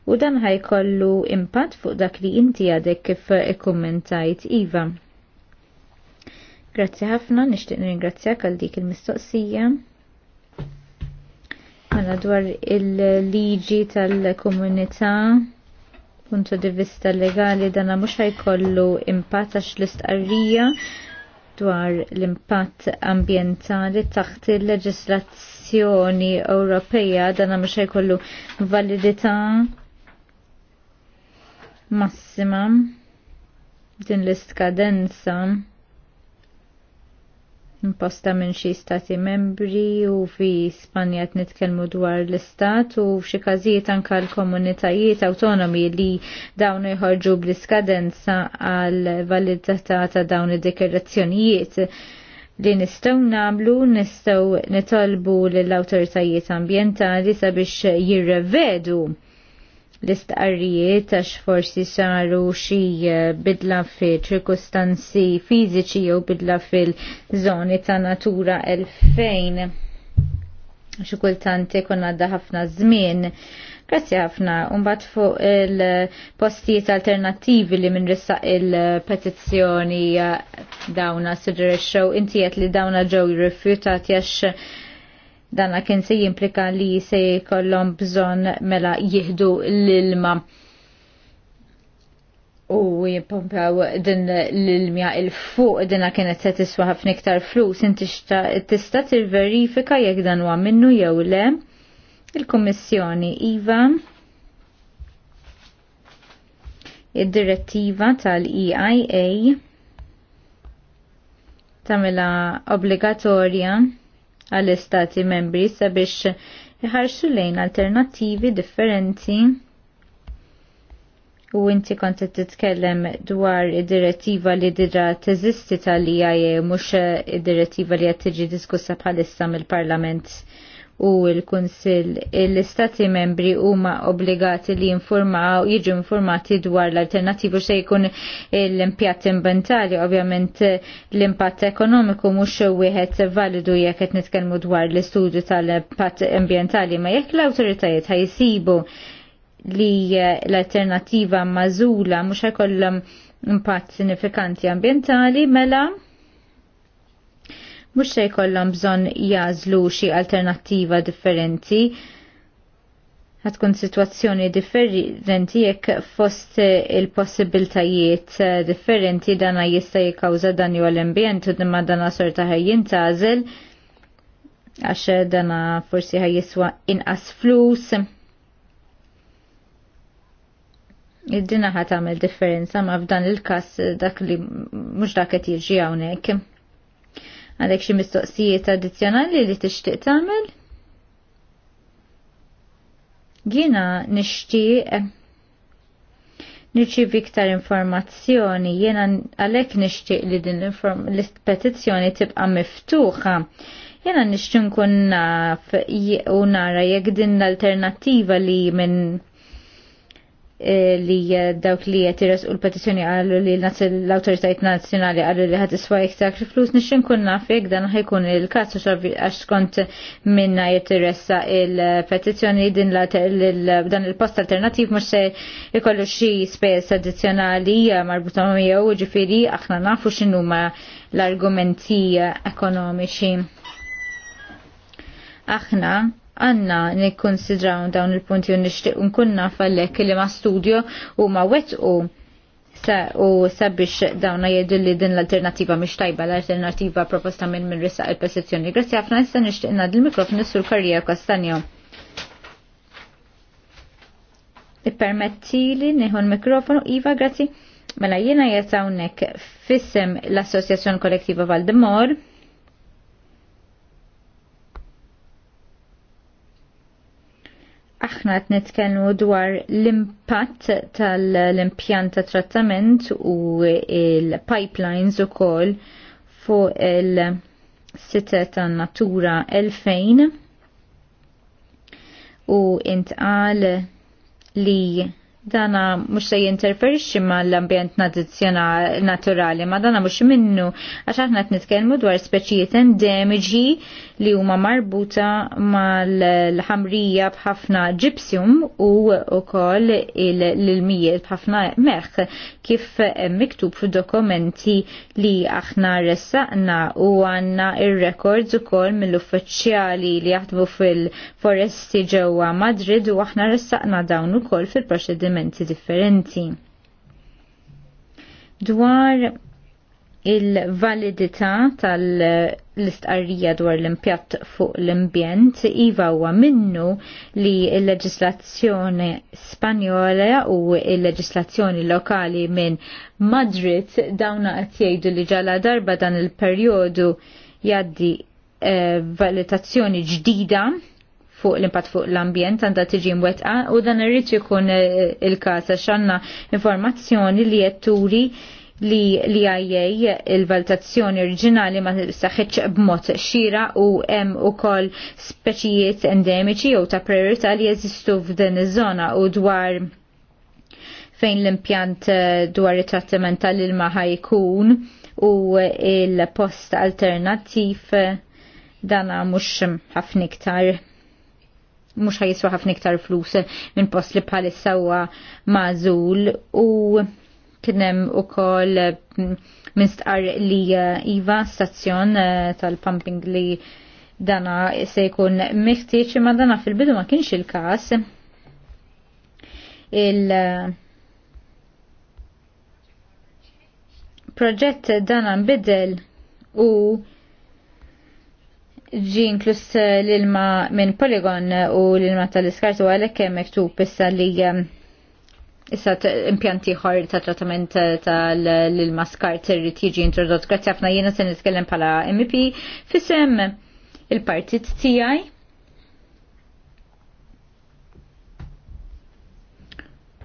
u dan ħajkollu impatt fuq dak li inti għadek kif ikkommentajt Iva. Grazzi ħafna, nixtieq ringrazzjak għal dik il-mistoqsija. Għala mela dwar il-liġi tal-komunità punto di vista legali dana mux ħajkollu impatt għax l-istqarrija dwar l-impatt ambientali taħt il-leġislazzjoni Ewropeja dan xej jkollu validità massima din l istkadenza imposta minn xi stati membri u fi Spanja qed nitkellmu dwar l-istat u f'xi każijiet anke l-komunitajiet awtonomi li dawn jħorġu bl-iskadenza għal validità ta' dawn id-dikerazzjonijiet li nistgħu nagħmlu nistgħu nitolbu lill-awtoritajiet ambjentali sabiex jirrevedu l-istqarrijiet għax forsi saru xi eh, bidla fi ċirkustanzi fiżiċi jew bidla fil-żoni ta' natura 2000. Xi kultant ikun għadda ħafna żmien. Grazzi ħafna. Umbat fuq il-postijiet alternativi li minn rissa il-petizzjoni eh, dawna suġġerixxew inti qed li dawna ġew jirrifjutat għax Danna kien se jimplika li se jkollhom bżonn mela jieħdu l-ilma u jipompaw din l-ilmja il-fuq dinna kienet se tiswa ħafna iktar flus inti tista' verifika jekk dan huwa minnu jew le il-Kummissjoni iva id-direttiva tal-EIA tamela obbligatorja għall-istati membri sabiex iħarxu lejn alternattivi differenti u inti kont titkellem dwar id-direttiva li dira teżisti tal iae mhux id-direttiva li qed tiġi diskussa bħalissa mill-Parlament u l-Kunsill. L-Istati membri huma obbligati li informaw, jiġu informati dwar l-alternativu se jkun l-impjatt inventari, ovvjament l-impatt ekonomiku mhux wieħed validu jekk qed nitkellmu dwar l-istudju tal-impatt ambjentali, ma jekk l-awtoritajiet ħajsibu li l-alternativa mażula mhux ħajkollhom impatt sinifikanti ambjentali mela mux se jkollhom bżonn jażlu xi alternattiva differenti ħatkun situazzjoni differenti jekk fost il-possibiltajiet differenti dana jista' jikkawża danju għall-ambjent u dimma dana sorta ħajjin tażel għax dana forsi ħajjiswa inqas flus. Id-dina ħat għamil differenza ma f'dan il-kas dak li mux dak qed jiġi hawnhekk. Għandek xi mistoqsijiet addizzjonali li tixtieq tagħmel? Jiena nixtieq nirċivi iktar informazzjoni, jena għalek nishtiq li din l-petizzjoni tibqa miftuħa. Jena nishtiq nkun naf u nara jekk din l-alternativa li minn Eh, li dawk li qed u l-petizzjoni qalu li l-awtoritajiet nazzjonali qalu li ħad iswa iktar flus nixin inkun naf jekk dan ħajkun il-każ għax kont minna jitiressa il-petizzjoni din dan il-post alternattiv mhux se jikollu xi spes addizzjonali marbuta miegħu ġifiri aħna nafu x'inhuma l-argumenti ekonomiċi. Aħna għanna nikkonsidraw dawn il-punti u nishtiq nkunna fallek li ma' studio u ma' wet u sabiex dawna jeddu li din l-alternativa mish tajba l-alternativa proposta minn minn risa il-petizzjoni. Grazzi ħafna issa nixtieq ngħaddi l-mikrofon sur Karrija Kastanjo. Ippermetti li nieħu l-mikrofonu. Iva, grazzi. Mela jiena jgħet hawnhekk fissem l associazzjon Kollettiva Valdemor aħna qed nitkellmu dwar l-impatt tal-impjant ta' trattament u il-pipelines ukoll fuq il-sita ta' natura 2000 u intqal li dana mux se jinterferixi ma l-ambjent naturali, ma dana mux minnu, għax aħna t-nitkelmu dwar speċijiet endemiġi li huma marbuta ma l-ħamrija bħafna ġipsium u ukoll l-mijiet bħafna meħ, kif miktub fu dokumenti li aħna ressaqna u għanna il-rekords ukoll mill-uffiċjali li jaħdmu fil-foresti ġewwa Madrid u aħna ressaqna dawn ukoll fil-proċediment elementi differenti. Dwar il-validità tal-istqarrija dwar l-impjatt fuq l-ambjent iva huwa minnu li l-leġislazzjoni Spanjola u l-leġislazzjoni lokali minn Madrid dawna qed jgħidu li ġala darba dan il-perjodu jaddi eh, valutazzjoni ġdida fuq l-impatt fuq l-ambjent għandha tiġi mwettqa u dan irrid ikun eh, il-każ għax għandna informazzjoni li qed turi li li għajjej il valtazzjoni oriġinali ma saħħitx b'mod xira u hemm ukoll speċijiet endemiċi jew ta' priorità li jeżistu f'din iż-żona u dwar fejn l-impjant eh, dwar it-trattament tal-ilma ħajkun u il-post alternattiv eh, dana mux ħafna iktar mhux ħajiswa ħafna iktar flus minn post li bħalissa huwa mażul u kien hemm ukoll mm, minn stqar li eh, iva stazzjon eh, tal-pumping li dana se jkun miftiċ imma dana fil-bidu ma kienx il-każ il eh, proġett dan nbidel u ġi inklus eh, l-ilma minn Polygon u l-ilma tal-iskartu għalek mektub issa li eh, issa impjanti ħor ta' trattament eh, tal-ilma skart irrid jiġi introdott. Grazzi ħafna jiena se nitkellem bħala MP fissem il-partit tiegħi.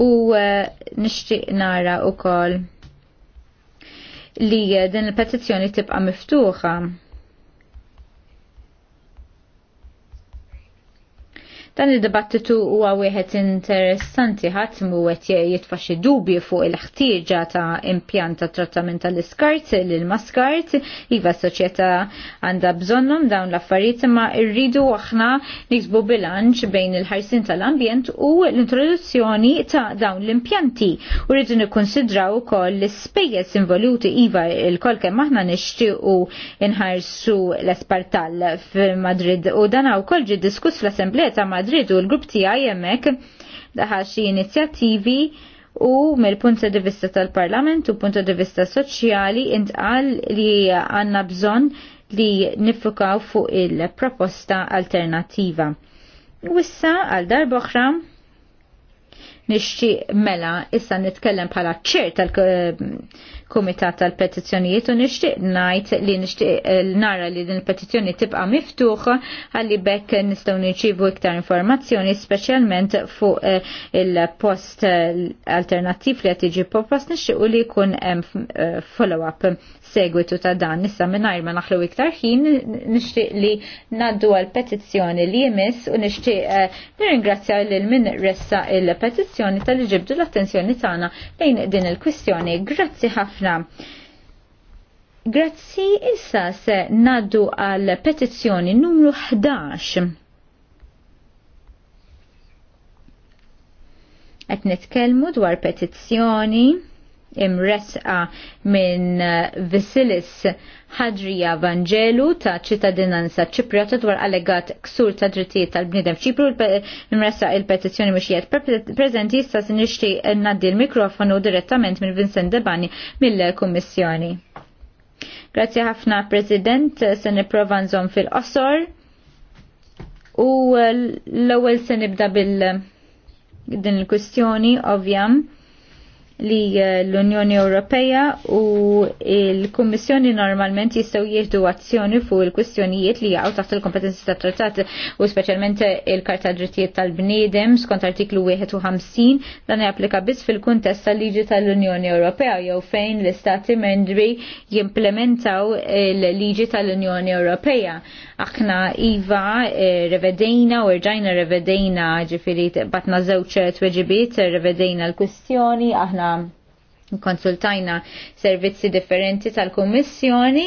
U nixtieq nara wkoll li din il-petizzjoni tibqa' miftuħa. Dan id-dibattitu huwa wieħed interessanti ħadd mu qed jitfa' dubju dubji fuq il-ħtieġa ta' impjant ta' trattament tal-iskart lil maskart iva s-soċjetà għandha bżonnhom dawn l-affarijiet imma rridu aħna niksbu bilanċ bejn il-ħarsin tal-ambjent u l-introduzzjoni ta' dawn l-impjanti. U rridu nikkonsidraw ukoll l-ispejjeż involuti iva il-kol kemm aħna nixtiequ inħarsu l-espartal f'Madrid u dan ukoll ġi diskuss fl-Assembleja ta' Madrid u l-grupp tiegħi hemmhekk daħal xi inizjattivi u mill-punt di vista tal-parlament u punt di vista soċjali intqal li għanna bżonn li nifukaw fuq il-proposta alternativa. Wissa għal darba oħra nixtieq mela issa nitkellem bħala tal- Kumitat tal-Petizzjonijiet u nixtieq ngħid li nixtieq eh, nara li din il-petizzjoni tibqa' miftuħa għalli bekk nistgħu nirċievu iktar informazzjoni speċjalment fuq eh, il-post eh, alternattiv li qed jiġi nishtiq nixtiequ li jkun hemm follow-up segwitu ta' dan nissa mingħajr ma naħlu iktar ħin nixtieq li naddu għal petizzjoni li jmiss u nixtieq nirringrazzja lil min ressa il-petizzjoni tal-ġibdu l-attenzjoni tagħna lejn din il-kwistjoni. Grazzi ħafna ħafna. Grazzi issa se naddu għal petizzjoni numru 11. Qed nitkellmu dwar petizzjoni imresqa minn eh, Vasilis Hadrija Vangelu ta' ċittadinanza ċipriota dwar allegat ksur ta' drittijiet tal-bnidem ċipru imresqa il-petizzjoni mxijiet prezenti jista' nixti naddi l-mikrofonu direttament minn Vincent Debani mill-Kummissjoni. Grazie ħafna President, se niprofa nżom fil-qosor u l-ewwel se nibda bil din il-kwistjoni ovvjam li eh, l-Unjoni Ewropea u l-Kummissjoni normalment jistgħu jieħdu azzjoni fuq il-kwistjonijiet li jaqgħu taħt il-kompetenzi tat trattat u speċjalment il-Karta Drittijiet tal-Bniedem skont artiklu 51 dan japplika biss fil-kuntest tal-liġi tal-Unjoni Ewropea jew fejn l-Istati membri jimplementaw il-liġi tal-Unjoni Ewropea. Aħna iva eh, revedejna u rġajna revedejna ġifieri batna żewġ tweġibiet revedejna l-kwistjoni aħna konsultajna servizzi differenti tal-Kummissjoni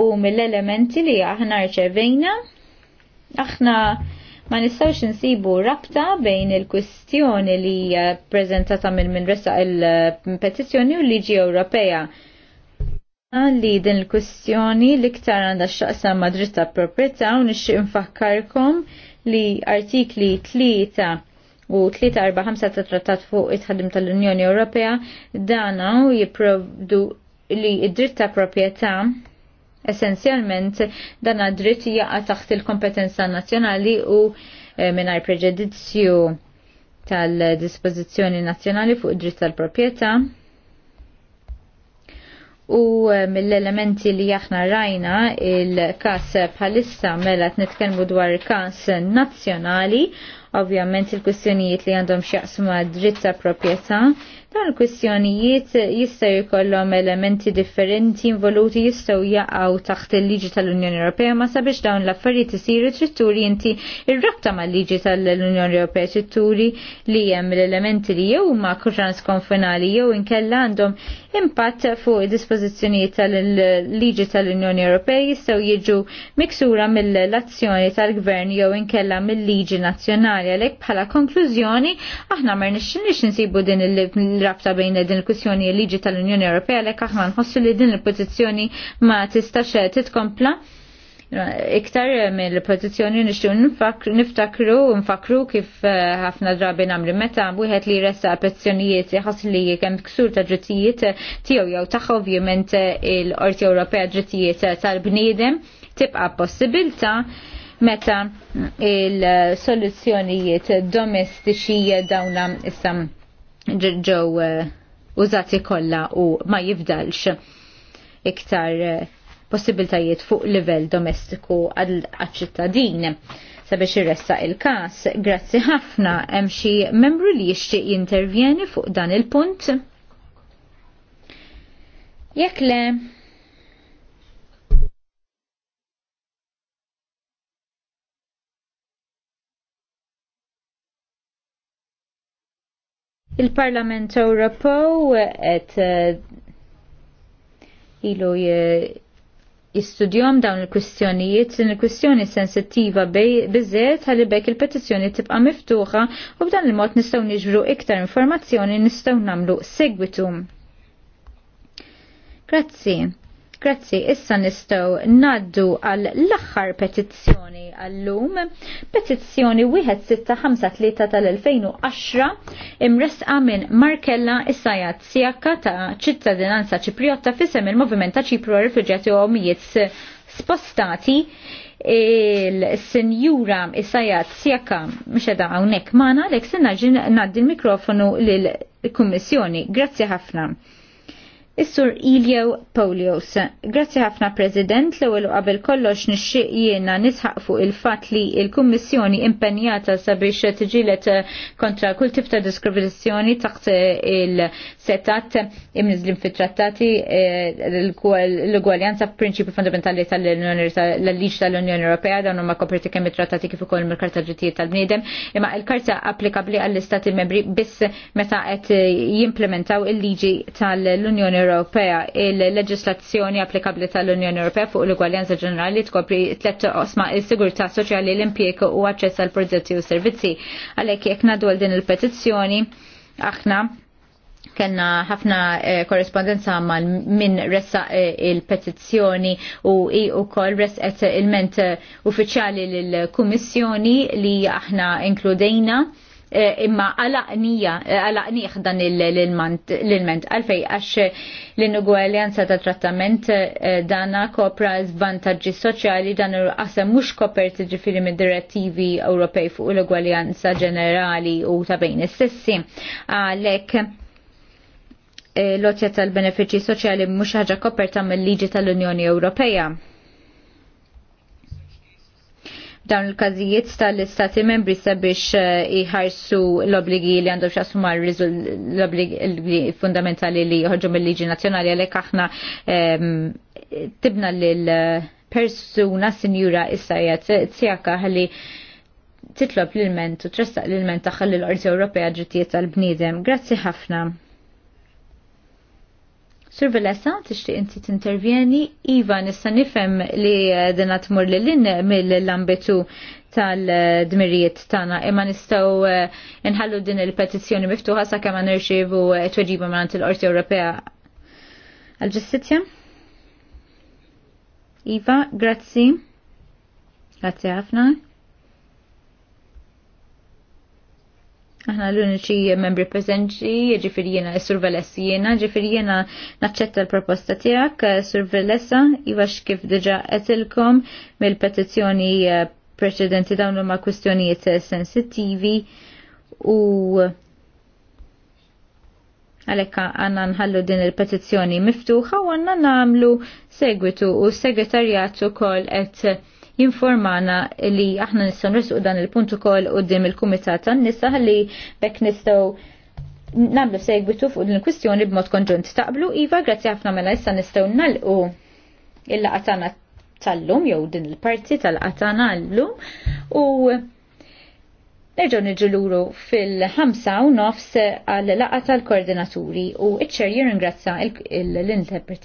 u mill-elementi li aħna rċevejna. Aħna ma nistawx nsibu rabta bejn il-kwistjoni li prezentata mill minresa il-petizzjoni u l-Liġi Ewropea li din il-kwistjoni l-iktar għandha xaqsa ma' dritta u nixtieq infakkarkom li artikli 3 u 345 ta' trattat fuq it-ħadim tal-Unjoni Ewropea dana jipprovdu li id-dritt ta' proprjetà essenzjalment dan dritt jaqa taħt il-kompetenza nazzjonali u eh, mingħajr preġedizzju tal-dispożizzjoni nazzjonali fuq id-dritt tal-proprjetà u eh, mill-elementi li aħna rajna il-kas bħalissa mela t-nitkelmu dwar kas nazzjonali Ovvjament il-kwistjonijiet li għandhom xaqsma dritt ta' proprjetà, dawn il-kwistjonijiet jistaw jkollhom elementi differenti involuti jistgħu jaqgħu taħt il-liġi tal-Unjoni Ewropea ma sabiex dawn l-affarijiet isiru tritturi inti ir-rabta mal-liġi tal-Unjoni Ewropea tritturi li hemm l-elementi li jew ma' kurrans konfinali jew inkella għandhom impatt fuq dispożizzjonijiet tal-liġi tal-Unjoni Ewropej jistgħu jiġu miksura mill-azzjoni tal-gvern jew inkella mill-liġi nazzjonali għalhekk bħala konklużjoni aħna ma nixxinix insibu din il-rabta bejn din il-kwistjoni l-liġi e tal-Unjoni Ewropej għalhekk aħna nħossu li din il-pożizzjoni ma tistax titkompla Iktar eh, mill-pozizjoni nixtiew niftakru nfakru kif eh, ħafna drabi nagħmlu meta wieħed li jressa petizzjonijiet iħoss li kemm ksur ta' drittijiet eh, tiegħu jew tagħha ovvjament il-Qorti Ewropea drittijiet tal-bniedem tibqa' possibilta meta il-soluzzjonijiet domestiċi dawna issa ġew użati kollha u ma jifdalx iktar possibiltajiet fuq livell domestiku għal-ċittadin sabiex irressa il-kas. Grazzi ħafna hemm xi membru li jixtieq jintervjeni fuq dan il-punt. Jekk le Il-Parlament Ewropew qed eh, ilu jistudjom dawn il-kwistjonijiet, din il-kwistjoni sensittiva bej bizzet għalli bekk il-petizzjoni tibqa' miftuħa u b'dan il-mod nistgħu niġbru iktar informazzjoni nistgħu namlu segwitu. Grazzi. Grazzi, issa nistaw naddu għall l-axħar petizzjoni għall-lum, petizzjoni 1653 tal-2010 imresqa minn Markella Isajat Sijakka ta' ċittadinanza ċipriotta fisem il ta' ċipru Rifugjati u Omijiet Spostati il-senjura Isajat Sijakka da' għawnek maħna l-ek naddi l-mikrofonu l-Kummissjoni. Grazzi ħafna. Is-sur Iljew Polios. Grazzi ħafna President l ewwel qabel kollox nixxieq jiena nisħaq fuq il-fatt li l-Kummissjoni impenjata sabiex tiġilet kontra kull tip ta' diskriminazzjoni taħt il-setat imniżlim fit-trattati l-ugwaljanza f'prinċipju fundamentali tal tal-liġ tal-Unjoni Ewropea dawn huma koperti kemm it-trattati kif ukoll mill-Karta Ġittijiet tal-Bniedem imma l-karta applikabbli għall-Istati Membri biss meta qed jimplementaw il-liġi tal-Unjoni Ewropea. Il-leġislazzjoni applikabli tal-Unjoni Ewropea fuq l-ugwaljanza ġenerali tkopri tlet osma is-sigurtà soċjali l-impjeg u għacċess għal prodotti u servizzi. Għalhekk jekk nadu din il-petizzjoni aħna kena ħafna eh, korrespondenza mal min ressa eh, il-petizzjoni u i u kol resqet il-ment eh, uffiċjali l-Kummissjoni li aħna inkludejna Eh, imma għalaqnija eh, għalaqnija dan l-ilment għalfej għax l-inugwaljanza ta' trattament eh, dana kopra zvantagġi soċjali dan għasem mux koperti ġifiri mid direttivi Ewropej fuq l-ugwaljanza ġenerali u ta' bejn is-sessi għalek l-otja tal-benefiċi soċjali mhux ħaġa koperta mill-liġi tal-Unjoni Ewropea dawn il-każijiet tal-istati membri sabiex eh, iħarsu l-obligi li għandhom xasumar l-obligi fundamentali li joħorġu mill-liġi nazjonali għalek aħna ehm, tibna l-persuna sinjura issa jgħat tsjaka għalli titlob l ilment u trasta l ilment taħħal l-Orti Ewropea ġittijiet tal-bnidem. Grazzi ħafna. Sur Velessa, tixtieq inti tintervjeni, Iva, nista' nifhem li eh, dinha tmur lil mill-ambitu tal-dmirijiet tagħna imma nistgħu eh, nħallu din il-petizzjoni miftuħa sakemm ma nirċievu eh, tweġiba mingħand il-Qorti Ewropea għall-Ġustizzja. Iva, grazzi. Grazzi ħafna. Aħna l-uniċi membri prezenti, ġifir jena surveless jena, ġifir jena naċċetta l-proposta tijak, survelessa, jivax kif diġa etilkom mill-petizjoni eh, preċedenti dawn ma' kwistjonijiet sensittivi u għalekka għanna nħallu din il-petizjoni miftuħa u għanna namlu segwitu u segretarjatu kol et jinformana li aħna nistgħu nresqu dan il-punt ukoll qudiem il-kumitat tan-nisa li bekk nistgħu nagħmlu segwitu fuq din il-kwistjoni b'mod konġunt taqblu. Iva, grazzi ħafna mela issa nistgħu nalqu il-laqatana tal-lum jew din il-parti tal-qatana l-lum u Nerġaw nġiluru fil-5 u nofs għal laqa tal-koordinaturi u iċċer jirringrazza l-interpreti.